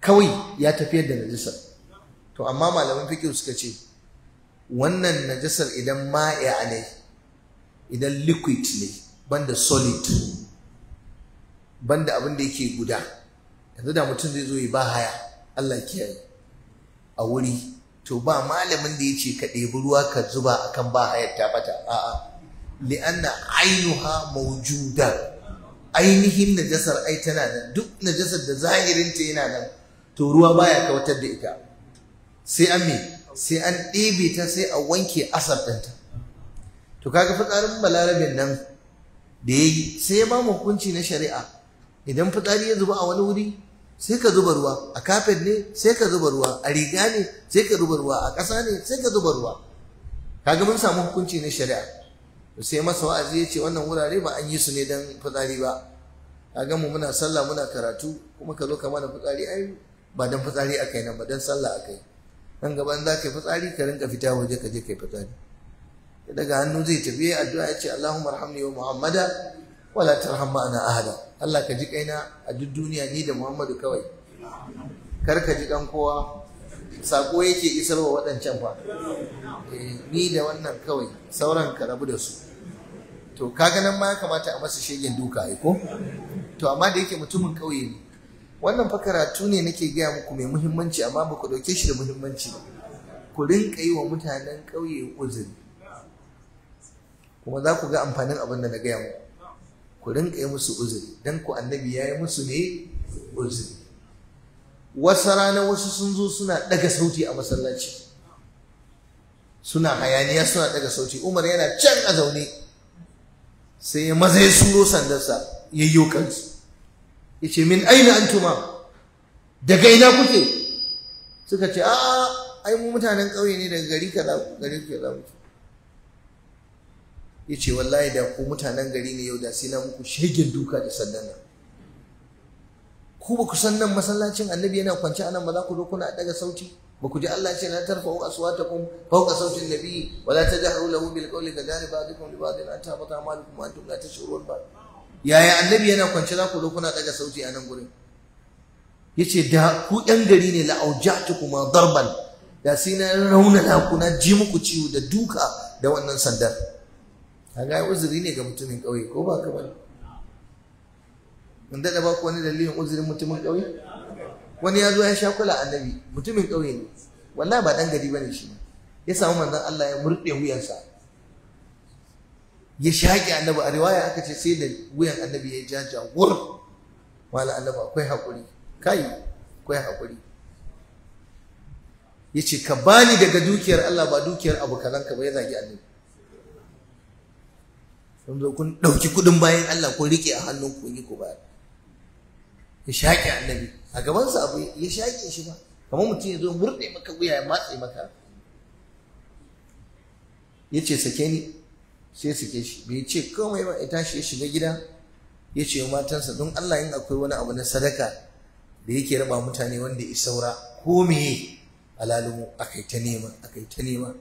kawai ya tafiyar da najisar to amma malaman fiqh suka ce wannan najisar idan ma'a ne idan liquid ne banda solid banda abin da yake guda yanzu da mutum zai zo ya ba haya Allah kiyaye a wuri to ba malamin da ya ce ka ɗebi ruwa ka zuba akan ba hayar ta bata a'a li'anna ainuha mawjuda ainihin najasar ai tana nan duk najasar da zahirinta yana nan to ruwa baya kawatar da ita sai an me sai an ɗebe ta sai a wanke asar ɗinta to kaga fitsarin balarabin nan da ya sai ya ba mu hukunci na shari'a idan fitsari ya zuba a wani wuri sai ka zuba ruwa a kafet ne sai ka zuba ruwa a riga ne sai ka zuba ruwa a ƙasa ne sai ka zuba ruwa kaga mun samu hukunci na shari'a sai masa wa'azi ya ce wannan wurare ba an yi su ne don fitsari ba kaga mu muna sallah muna karatu kuma ka zo ka mana fitsari ai ba don fitsari aka yi nan ba don sallah aka yi nan gaban za ka yi fitsari ka rinka fita waje ka je ka yi fitsari daga hannu zai tafi addu'a ya ce Allahumma arhamni wa Muhammada wala tarham ana ahada Allah ka ji kaina a duk duniya ni da Muhammadu kawai kar ka ji dan kowa sako yake isarwa waɗancan fa eh, ni da wannan kawai sauran ka rabu da su to kaga nan ma ya kamata a masa shegen duka ai ko to amma da yake mutumin ƙauye ne wannan fa karatu ne nake gaya muku mai muhimmanci amma ba ku ɗauke shi da muhimmanci ku rinƙa yi wa mutanen ƙauye uzuri kuma za ku ga amfanin abin da na gaya muku ku rinka yi musu uzuri don ku annabi ya yi musu ne uzuri wasu rana wasu sun zo suna ɗaga sauti a masallaci suna hayaniya suna ɗaga sauti umar yana can a zaune sai ya maza ya suro sandarsa ya yi kansu ya ce min aina antuma daga ina kuke suka ce a ai mu mutanen ƙauye ne daga gari ka gari ya ce wallahi da ku mutanen gari ne yau da sai na muku shegen duka da sandan nan ku ba ku san nan masallacin annabi yana kwance anan ba za ku zo kuna daga sauti ba ku ji Allah ce na tarfa'u aswatakum fawqa sautin nabi wala la tajharu lahu bil qawli ka jahri ba'dikum li ba'din an tabata amalukum wa antum la tashurun ba yaya annabi yana kwance za ku zo kuna daga sauti anan gurin yace da ku ɗan gari ne la kuma darban da sai na raunana ku na ji muku ciwo da duka da wannan sandar kaga uzuri ne ga mutumin ƙauye ko ba ka ba mun daɗa ba ku wani dalilin uzurin mutumin ƙauye wani ya zo ya sha kula annabi mutumin ƙauye ne wallahi ba ɗan gari ba ne shi ya samu manzon Allah ya murɗe wuyansa ya shaƙi annabi a riwaya aka ce sai da wuyan annabi ya jaja wur wala annabi akwai haƙuri kai akwai haƙuri ya ce ka bani daga dukiyar Allah ba dukiyar abu ka ba ya zagi annabi sun kun ɗauki kuɗin bayan Allah ko rike a hannun ku yi ku ya shaƙe annabi a gabansa abu ya shaƙe shi ba kamar mutum ya zo murɗe maka wuya ya matse maka ya ce sake ni sai sake shi bai ce komai ba ya tashi ya shiga gida ya ce matansa don Allah yin akwai wani abu na sadaka da yake raba mutane wanda ya saura ko meye alalumu yi ta nema yi ta nema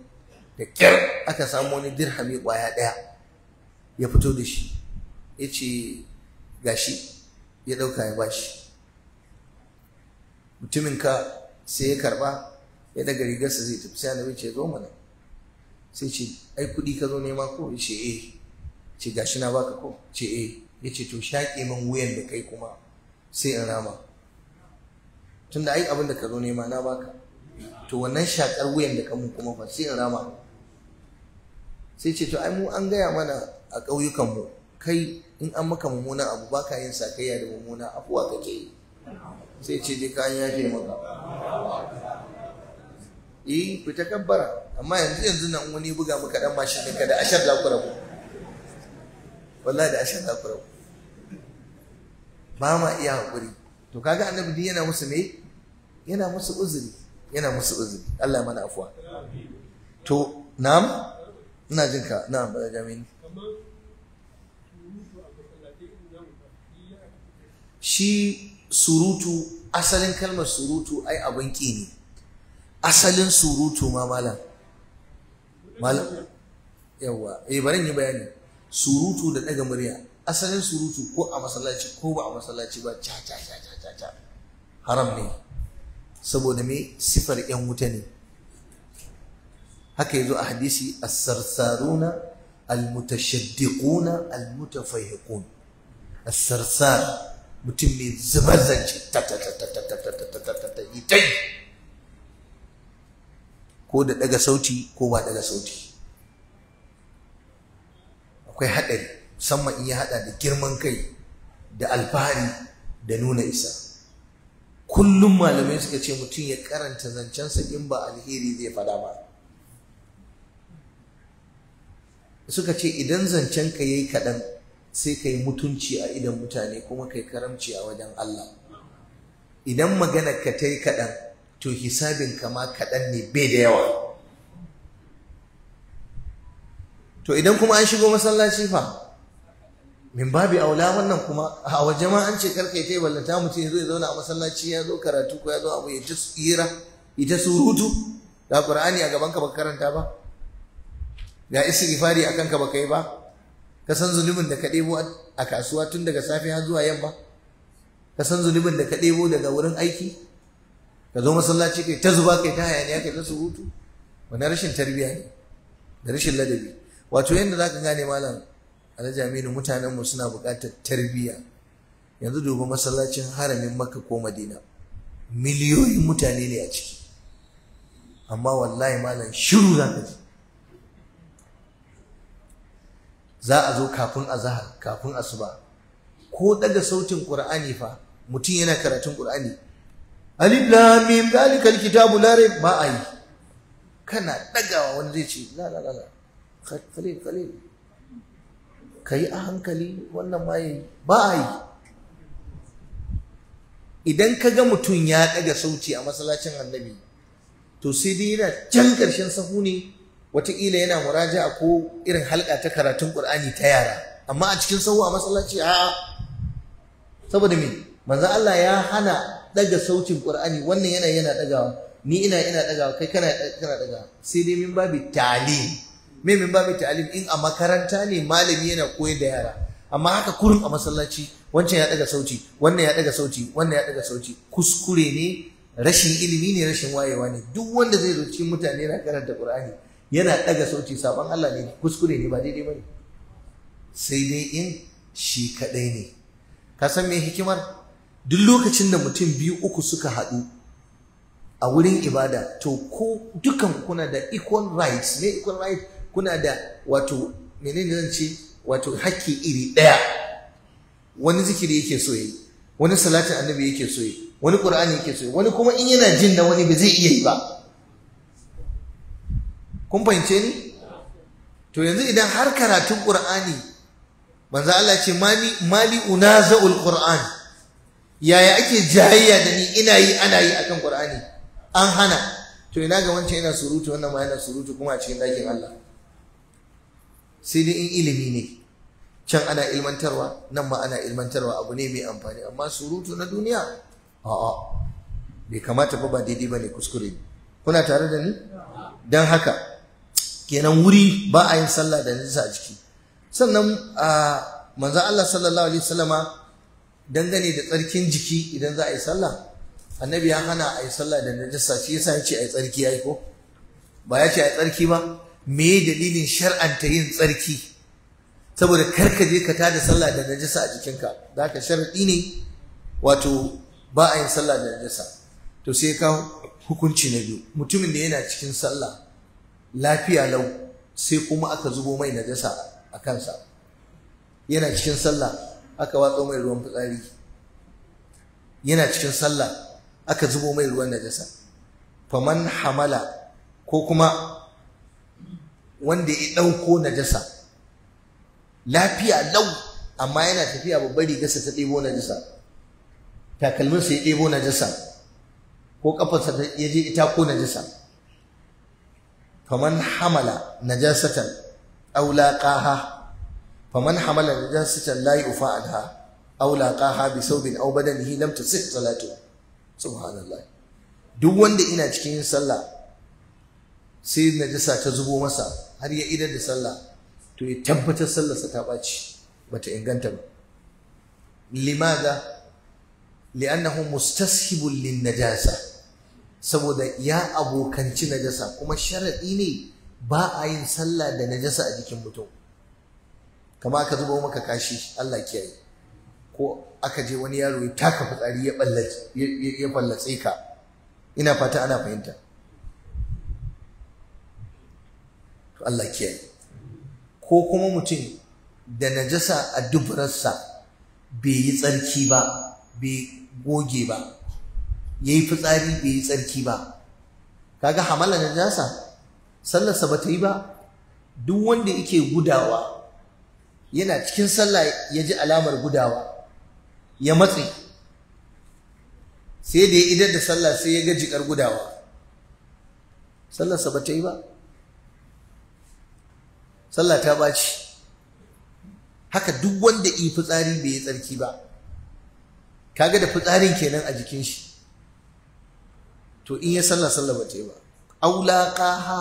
da kyar aka samu wani dirhami kwaya ɗaya ya fito da shi ya ce gashi ya ɗauka ya bashi mutumin ka sai ya karba ya daga rigarsa zai tafi sai annabi ce zo mana sai ce ai kuɗi ka zo nema ko ya ce eh ce gashi na baka ko ce eh ya ce to shaƙe min wuyan da kai kuma sai in rama tunda ai abin da ka zo nema na baka to wannan shaƙar wuyan da kamun kuma fa sai in rama sai ce to ai mu an gaya mana a ƙauyukanmu kai in an maka mummunan abu ba ka yin sakayya da mummuna afuwa kake sai ce je kayan je maka yi e, fita kabbara amma yanzu yanzu nan wani buga maka dan mashin ɗinka da ashar za ku rabu wallahi da ashar za ku ba ma iya haƙuri to kaga annabi din yana musu me yana musu uzuri yana musu uzuri Allah mana afuwa to na'am ina jin ka na ba jami'in shi surutu asalin kalmar surutu ai abin ƙi ne asalin surutu ma malam malam Yawwa, eh bari yi bayani surutu da daga murya asalin surutu ko a masallaci ko ba a masallaci ba cha cha cha cha cha. haram ne saboda me sifar yan wuta ne haka yazo a hadisi as-sarsaruna al-mutashaddiquna al sarsar mutum mai zubar zance ta ta ta ta ta ta ta ta ta ta ta ko da daga sauti ko ba daga sauti akwai haɗari musamman in ya haɗa da girman kai da alfahari da nuna isa kullum malamai suka ce mutum ya karanta zancensa in ba alheri zai fada ba suka ce idan zancen ka yayi kaɗan sai ka yi mutunci a idan mutane kuma ka yi karamci a wajen Allah idan magana ka ta yi kaɗan to hisabin ka ma kaɗan ne bai da yawa to idan kuma an shigo masallaci fa min babi aula wannan kuma a waje ma an ce karka ita ballata mutum ya zo zauna a masallaci ya zo karatu ko ya zo abu ya ta tsira ita surutu da qur'ani a gaban ka ba karanta ba ga istighfari akan ka baka yi ba ka san zulumin da ka ɗebo a kasuwa tun daga safi har zuwa yamma ka san zulumin da ka ɗebo daga wurin aiki ka zo masallaci kai ta zuba kai ta hayaniya kai ta surutu wani rashin tarbiyya ne da rashin ladabi wato yadda za ka gane malam alhaji aminu mutanenmu suna buƙatar tarbiyya yanzu duba masallacin haramin makka ko madina miliyoyin mutane ne a ciki amma wallahi malam shiru za ka ji za a zo kafin azahar kafin asuba ko daga sautin qur'ani fa mutum yana karatun qur'ani alif lam mim zalikal kitabu la rayb ba ai kana dagawa wani zai ce la la la khalil khalil kai a hankali wannan ma yayi ba ai idan ka ga mutum ya daga sauti a masallacin annabi to sai dai yana can karshen sahu ne wataƙila yana muraja'a ko irin halka ta karatun ƙur'ani ta yara amma a cikin sahu a masallaci a saboda me manzo Allah ya hana daga sautin ƙurani wannan yana yana dagawa ni ina ina dagawa kai kana kana sai dai min babu ta'lim me min babu ta'lim in a makaranta ne malami yana koyar da yara amma haka kurum a masallaci wancan ya daga sauti wannan ya daga sauti wannan ya daga sauti kuskure ne rashin ilimi ne rashin wayewa ne duk wanda zai zo cikin mutane na karanta ƙur'ani. yana ɗaga sauti sabon Allah ne kuskure ne ba daidai ba ne sai dai in shi kaɗai ne ka san me hikimar duk lokacin da mutum biyu uku suka haɗu a wurin ibada to ko dukan kuna da equal rights ne equal rights kuna da wato menene zan ce wato hakki iri ɗaya wani zikiri yake so yi wani salatin annabi yake so yi wani qur'ani yake so yi wani kuma in yana jin na wani ba zai iya yi ba kun fahimce ni to yanzu idan har karatun ƙur'ani manzo Allah ce mali mali unaza'ul qur'an yaya ake jayayya da ni ina yi ana yi akan qur'ani an hana to ina ga wancan yana surutu wannan ma yana surutu kuma a cikin dakin Allah sai dai in ilimi ne can ana ilmantarwa nan ma ana ilmantarwa abu ne mai amfani amma surutu na duniya a'a bai kamata ba ba daidai ba ne kuskure kuna tare da ni dan haka kenan wuri ba a yin sallah da nisa a jiki sannan a manzan Allah sallallahu alaihi wasallama dangane da tsarkin jiki idan za a yi sallah annabi ya hana a yi sallah da najasa shi yasa ya ce a yi tsarki ya yi ko ba ya ce a yi tsarki ba me dalilin shar'anta yin tsarki saboda kar ka je ka tada sallah da najasa a jikinka za ka sharaɗi ne wato ba a yin sallah da najasa to sai ka hukunci na biyu mutumin da yana cikin sallah lafiya lau sai kuma aka zubo mai najasa a kansa yana cikin sallah aka watsa mai ruwan fitsari yana cikin sallah aka zubo mai ruwan najasa faman hamala ko kuma wanda ya ɗauko najasa lafiya lau amma yana tafiya babbar rigarsa ta ɗebo najasa takalminsa ya ɗebo najasa ko ƙafarsa ya je ita ko najasa faman hamala najasatan aw laqaha faman hamala najasatan la yufa anha aw laqaha bi thawbin aw badanihi lam tusih salatu subhanallah duk wanda ina cikin sallah sai najasa ta zubo masa har ya idar da sallah to ya tabbatar sallarsa ta ɓaci bata inganta ba li'annahu mustasibun lin najasa saboda ya abokanci najasa kuma sharaɗi ne ba a yin sallah da najasa a jikin mutum kama aka zuba maka kashi Allah kiyaye ko aka je wani yaro ya taka fitsari ya ya ballatse ka ina fata ana fahimta to Allah kiyaye ko kuma mutum da najasa a dubrarsa bai yi tsarki ba bai goge ba ya yi fitsari bai yi tsarki ba kaga hamala na jasa sallarsa ba ta yi ba duk wanda yake gudawa yana cikin sallah ya ji alamar gudawa ya matse sai da ya idar da sallah sai ya ga jikar gudawa sallarsa ba ta yi ba sallah ta ɓaci haka duk wanda yi fitsari bai yi tsarki ba kaga da fitsarin kenan a jikin shi to in ya sallah sallah ba ta ba aula qaha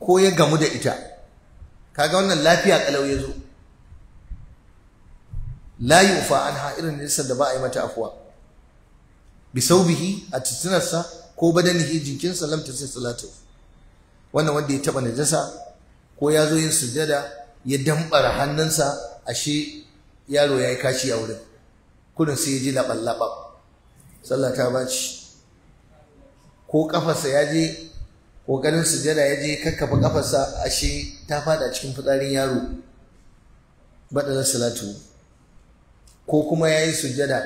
ko ya gamu da ita kaga wannan lafiya kalau ya zo la yufa anha irin nisan da ba a mata afuwa bi saubihi a titinarsa ko badanihi jinkin Salam ta sai salatu wannan wanda ya taba najasa ko ya zo yin sujada ya dambara hannunsa ashe yaro ya yi kashi a wurin kudin sai ya ji laɓa-laɓa sallah ta baci ko kafarsa ya je ƙoƙarin sujada ya je kakkafa kafarsa ashe ta fada cikin fitsarin yaro baɗalar salatu ko kuma ya yi sujada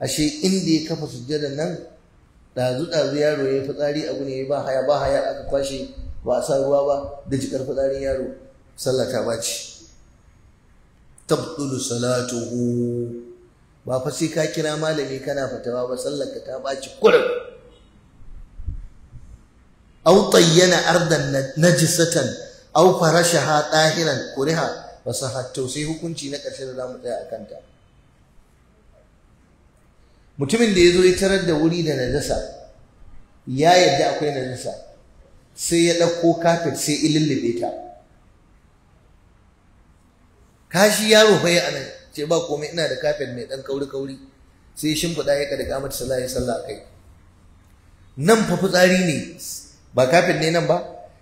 ashe inda ya kafa sujada nan ɗazu-ɗazu yaro ya yi fitsari abu ne ba haya ba haya aka kwashe ba a sa ruwa ba da jikar fitsarin yaro sallah ta bace tabdulu salatu ba fa sai ka kira malami kana fatawa ba sallar ka ta baci kurum aw tayyana ardan najisatan aw farashaha dahiran kuriha wasahatto sai hukunci na ƙarshe da zamu tsaya akan ta mutumin da ya zo ya tarar da wuri da najasa ya yadda akwai najasa sai ya ɗauko kafet sai ilillibe ta kashi yaro fa ya anan ce ba komai ina da kafet mai ɗan kauri-kauri sai shimfiɗa ya kada kamar sallah ya sallah kai nan fa fitsari ne ba kafin ne nan ba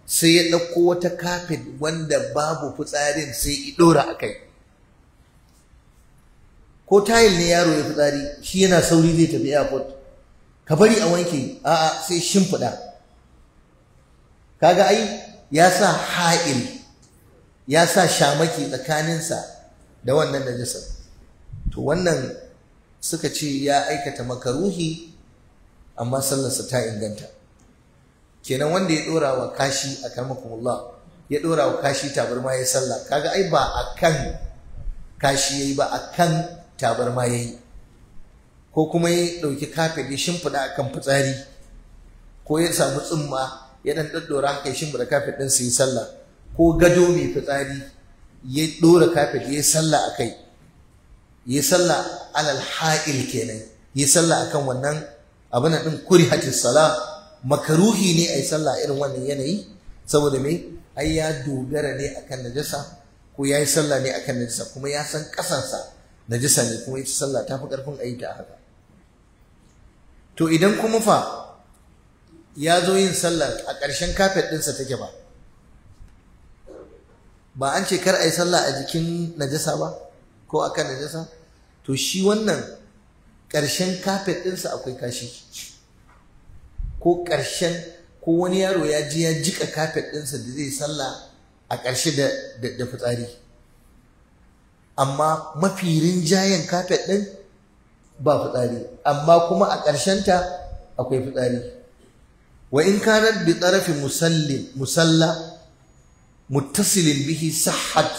sai ya ɗauko wata kafin wanda babu fitsarin sai ya ɗora a kai ko tayil ne yaro ya fitsari shi yana sauri zai tafi airport ka bari a wanke a'a sai shimfiɗa kaga ai ya sa ha'il ya sa shamaki tsakaninsa da wannan jisa. to wannan suka ce ya aikata makaruhi amma sallarsa ta inganta kenan wanda ya dora wa kashi a karmakumullah ya dora wa kashi tabarma ya sallah kaga ai ba akan kashi yi ba akan tabarma yi. ko kuma ya ɗauki kafin ya a akan fitsari ko ya samu tsumma ya ɗan ɗaɗɗora haka ya shimfida kafin ɗin su yi sallah ko gado mai fitsari ya ɗora kafin ya yi sallah ya yi sallah alal ha'il kenan ya yi sallah kan wannan abin ɗin kuri hatis Sala. makaruhi ne a yi sallah irin wannan yanayi saboda me ai ya dogara ne akan najasa ko ya yi sallah ne akan najasa kuma ya san kasansa najasa ne kuma ita sallah ta fi karfin a yi ta haka to idan kuma fa ya zo yin sallah a ƙarshen kafet ɗinsa take ba ba an ce kar a yi sallah a jikin najasa ba ko akan najasa to shi wannan ƙarshen kafet ɗinsa akwai kashi ko ƙarshen ko wani yaro ya ji ya jika kafet ɗinsa da zai sallah a ƙarshe da fitsari amma mafi rinjayen kafet ɗin ba fitsari amma kuma a ta akwai fitsari wa in kanar bi tsarafi musalla muttasilin bihi sahad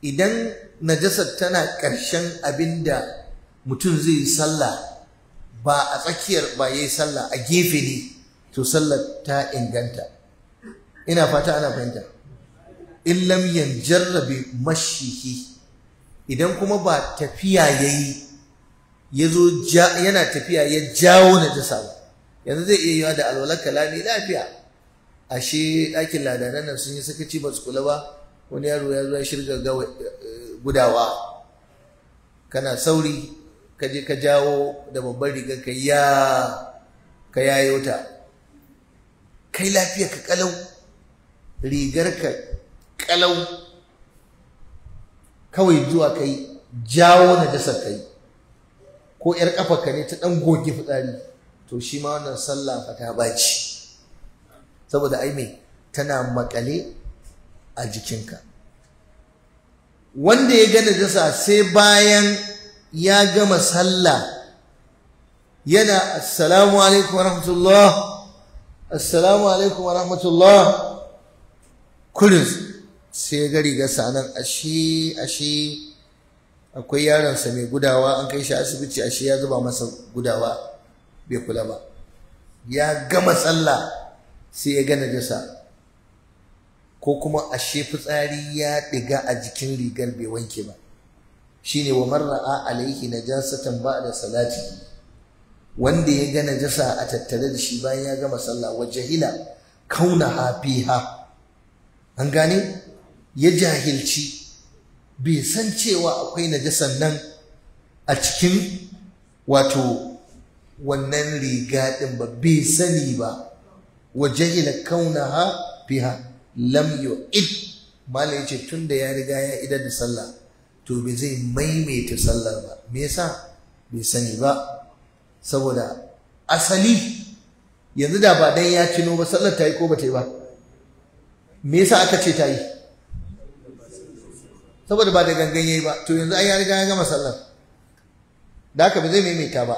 idan najasar tana ƙarshen abin da mutum zai sallah ba a tsakiyar ba yi sallah a gefe ne to sallar ta inganta ina fata ana fahimta in yan jarrabe mashihi idan kuma ba tafiya ya zo yana tafiya ya jawo na najasa ba yanzu zai iya yiwa da alwalaka kalami lafiya ashe ɗakin ladanan nan sun yi sakaci ba su kula ba wani yaro ya zo ya shirga eh, gudawa kana sauri ka je ka jawo da babbar riga ka ya ka yayo ta kai lafiya ka kalau rigar ka kalau kawai zuwa kai jawo na jasar kai ko yar kafa ka ne ta dan goge fitsari to shi ma wannan sallah fa ta baci saboda ai me tana makale a jikinka wanda ya ga najasa sai bayan ya gama sallah yana assalamu alaikum wa rahmatullah assalamu alaikum wa rahmatullah Kudin sai ga sanar ashe ashe akwai yaransa mai gudawa an kai shi asibiti ashe ya zuba masa gudawa bai kula ba ya gama sallah sai ya gana jasa ko kuma ashe fitsari ya ɗiga a jikin rigar bai wanke ba shine wa man ra'a alayhi najasatan ba'da salati wanda ya ga najasa a tattare da shi bayan ya gama sallah wa jahila kaunaha fiha an gane ya jahilci bai san cewa akwai najasan nan a cikin wato wannan riga din ba bai sani ba wa jahila ha fiha lam yu'id mala yace tunda ya riga ya idar da sallah to bai zai maimaita sallar ba me yasa bai sani ba saboda asali yanzu da ba dan ya cino ba sallar ta yi ko ba ta yi ba me yasa aka ce ta yi saboda ba da gangan yayi ba to yanzu an ya riga ya gama sallar da haka bai zai maimaita ba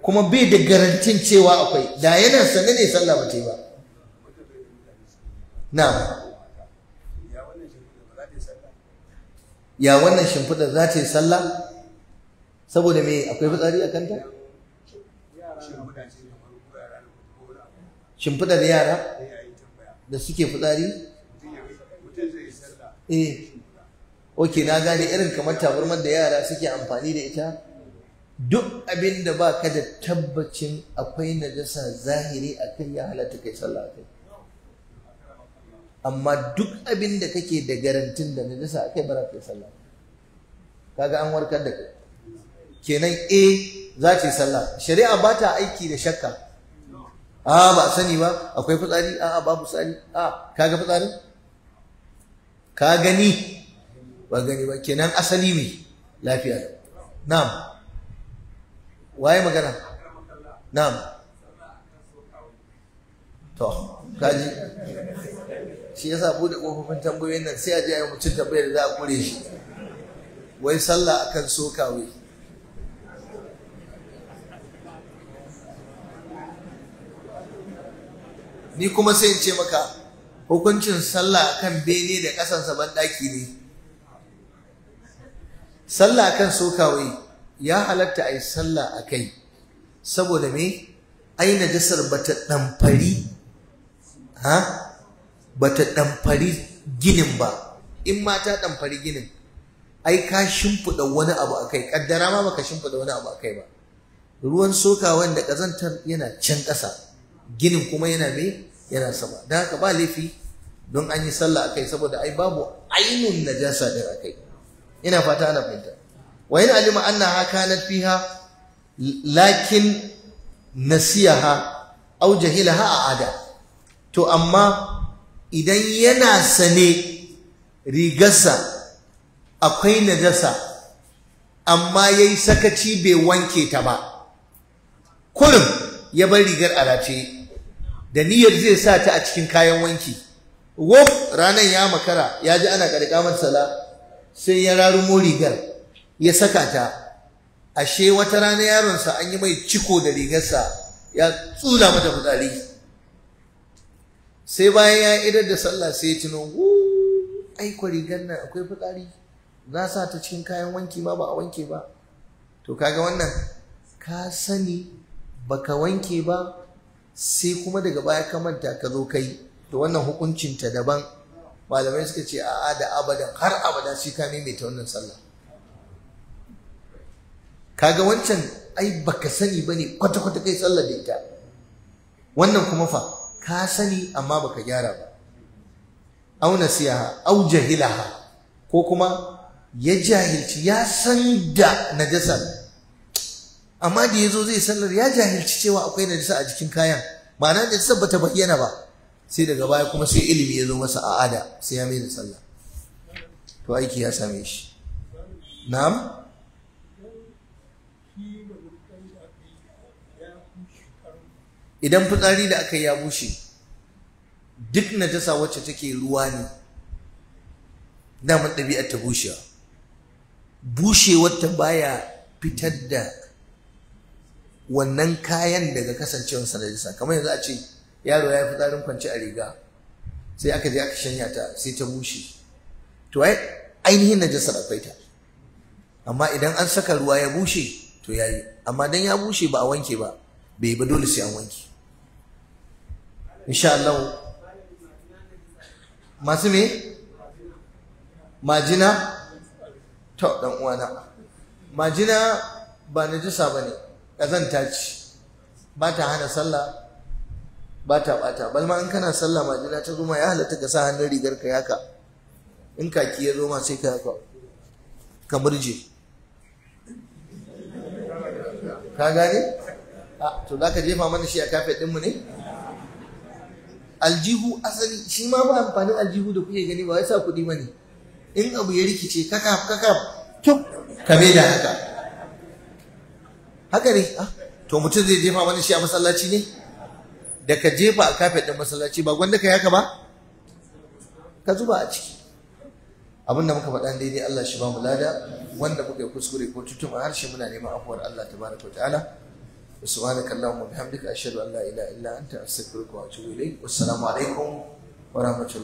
kuma bai da garantin cewa akwai da yana sanne ne sallah ba ta yi ba na'am ya wannan shimfiɗar za ta yi sallah saboda me akwai fitsari a kanta shimfiɗar yara da suke fitsari eh ok na gane irin kamar tabarmar da yara suke amfani da ita duk abin da ba ka da tabbacin akwai najasa zahiri a kan ya halatta kai sallah a kai amma duk abin da kake da garantin da na a akai ba za ka yi sallah kaga an warkar da kai kenan eh za ta yi sallah shari'a ba ta aiki da shakka a ba sani ba akwai fitsari a babu fitsari a kaga fitsarin ka gani ba gani ba kenan asali mai lafiya na'am waye magana na'am to kaji shi yasa bude kofofin tambayoyin nan sai a ji a mutum tambayar za a kure shi wai sallah akan soka wai ni kuma sai in ce maka hukuncin sallah akan bene da kasansa ban daki ne sallah akan soka wai ya halatta a yi sallah a kai saboda me ai najasar bata ɗamfari ha ba ta ɗamfari ginin ba in ma ta ɗamfari ginin ai ka shimfiɗa wani abu a kai ƙaddara ma baka shimfiɗa wani abu a kai ba ruwan sokawan da ƙazantar yana can ƙasa ginin kuma yana me yana sama don haka ba laifi don an yi sallah a kai saboda ai babu ainun najasa din a kai ina fata ana fahimta wa in alima annaha kanat fiha lakin nasiyaha aw jahilaha a ada to amma idan yana sane rigarsa akwai najasa amma ya yi sakaci bai wanke ta ba kurin ya bar rigar a race da niyyar zai sa ta a cikin kayan wanki wuf ranar ya makara ya ji ana karkamar sala sai ya rarumo rigar ya saka ta ashe wata rana yaronsa an yi mai ciko da rigarsa ya tsula mata fitsari sai bayan ya idar da sallah sai ya tuno ai rigar nan akwai fitsari na sa ta cikin kayan wanki ma ba a wanke ba to kaga wannan ka sani baka wanke ba sai kuma daga baya ka manta ka zo kai to wannan hukuncin ta daban malamai suka ce a'a da abadan har abada shi ka ta wannan sallah kaga wancan ai baka sani bane kwata kwata kai sallah da ita wannan kuma fa ka sani amma baka gyara ba au nasiha au jahilaha ko kuma ya jahilci ya san da najasa amma da ya zo zai sallar ya jahilci cewa akwai najasa a jikin kayan ma'ana najasa bata bayyana ba sai daga baya kuma sai ilimi ya zo masa a ada sai ya mai sallah to aiki ya same shi na'am idan fitsari da aka yi ya bushe duk najasa wacce take ruwa ne damar ɗabi'ar ta bushe. bushewar ta baya fitar da wannan kayan daga kasancewar sa kamar yanzu a ce yaro ya yi fitsarin kwance a riga sai aka je aka shanya ta sai ta bushe to ai ainihin najasar akwai ta amma idan an saka ruwa ya bushe to ya yi. amma dan ya bushe ba a wanke ba bai ba dole sai an wanke insha Allah masu me majina ta dan uwana majina ba najisa bane kazanta ce ba ta hana sallah ba ta bata balma in kana sallah majina ta zuma ya halatta ka sa hannun rigar ka yaka in kaki ya zo ma sai ka yaka ka murje ka gane ah, to za ka jefa mana shi a kafe ɗinmu ne aljihu asali shi ma ba amfanin aljihu da kuke gani ba sa kuɗi ne in abu ya rikice kaka kaka ka bai da haka haka ne ah, to mutum zai jefa mana shi a masallaci ne da ka jefa a kafet ɗin masallaci ba gwanda ka haka ba ka zuba a ciki abinda muka faɗa daidai Allah shi ba mu lada wanda muka yi kuskure ko a harshe muna neman afuwar Allah tabaraka wa ta'ala subhanaka allahumma bihamdika ashhadu an la ilaha illa anta astaghfiruka wa a ilayk wassalamu alaikum wa rahmatullahi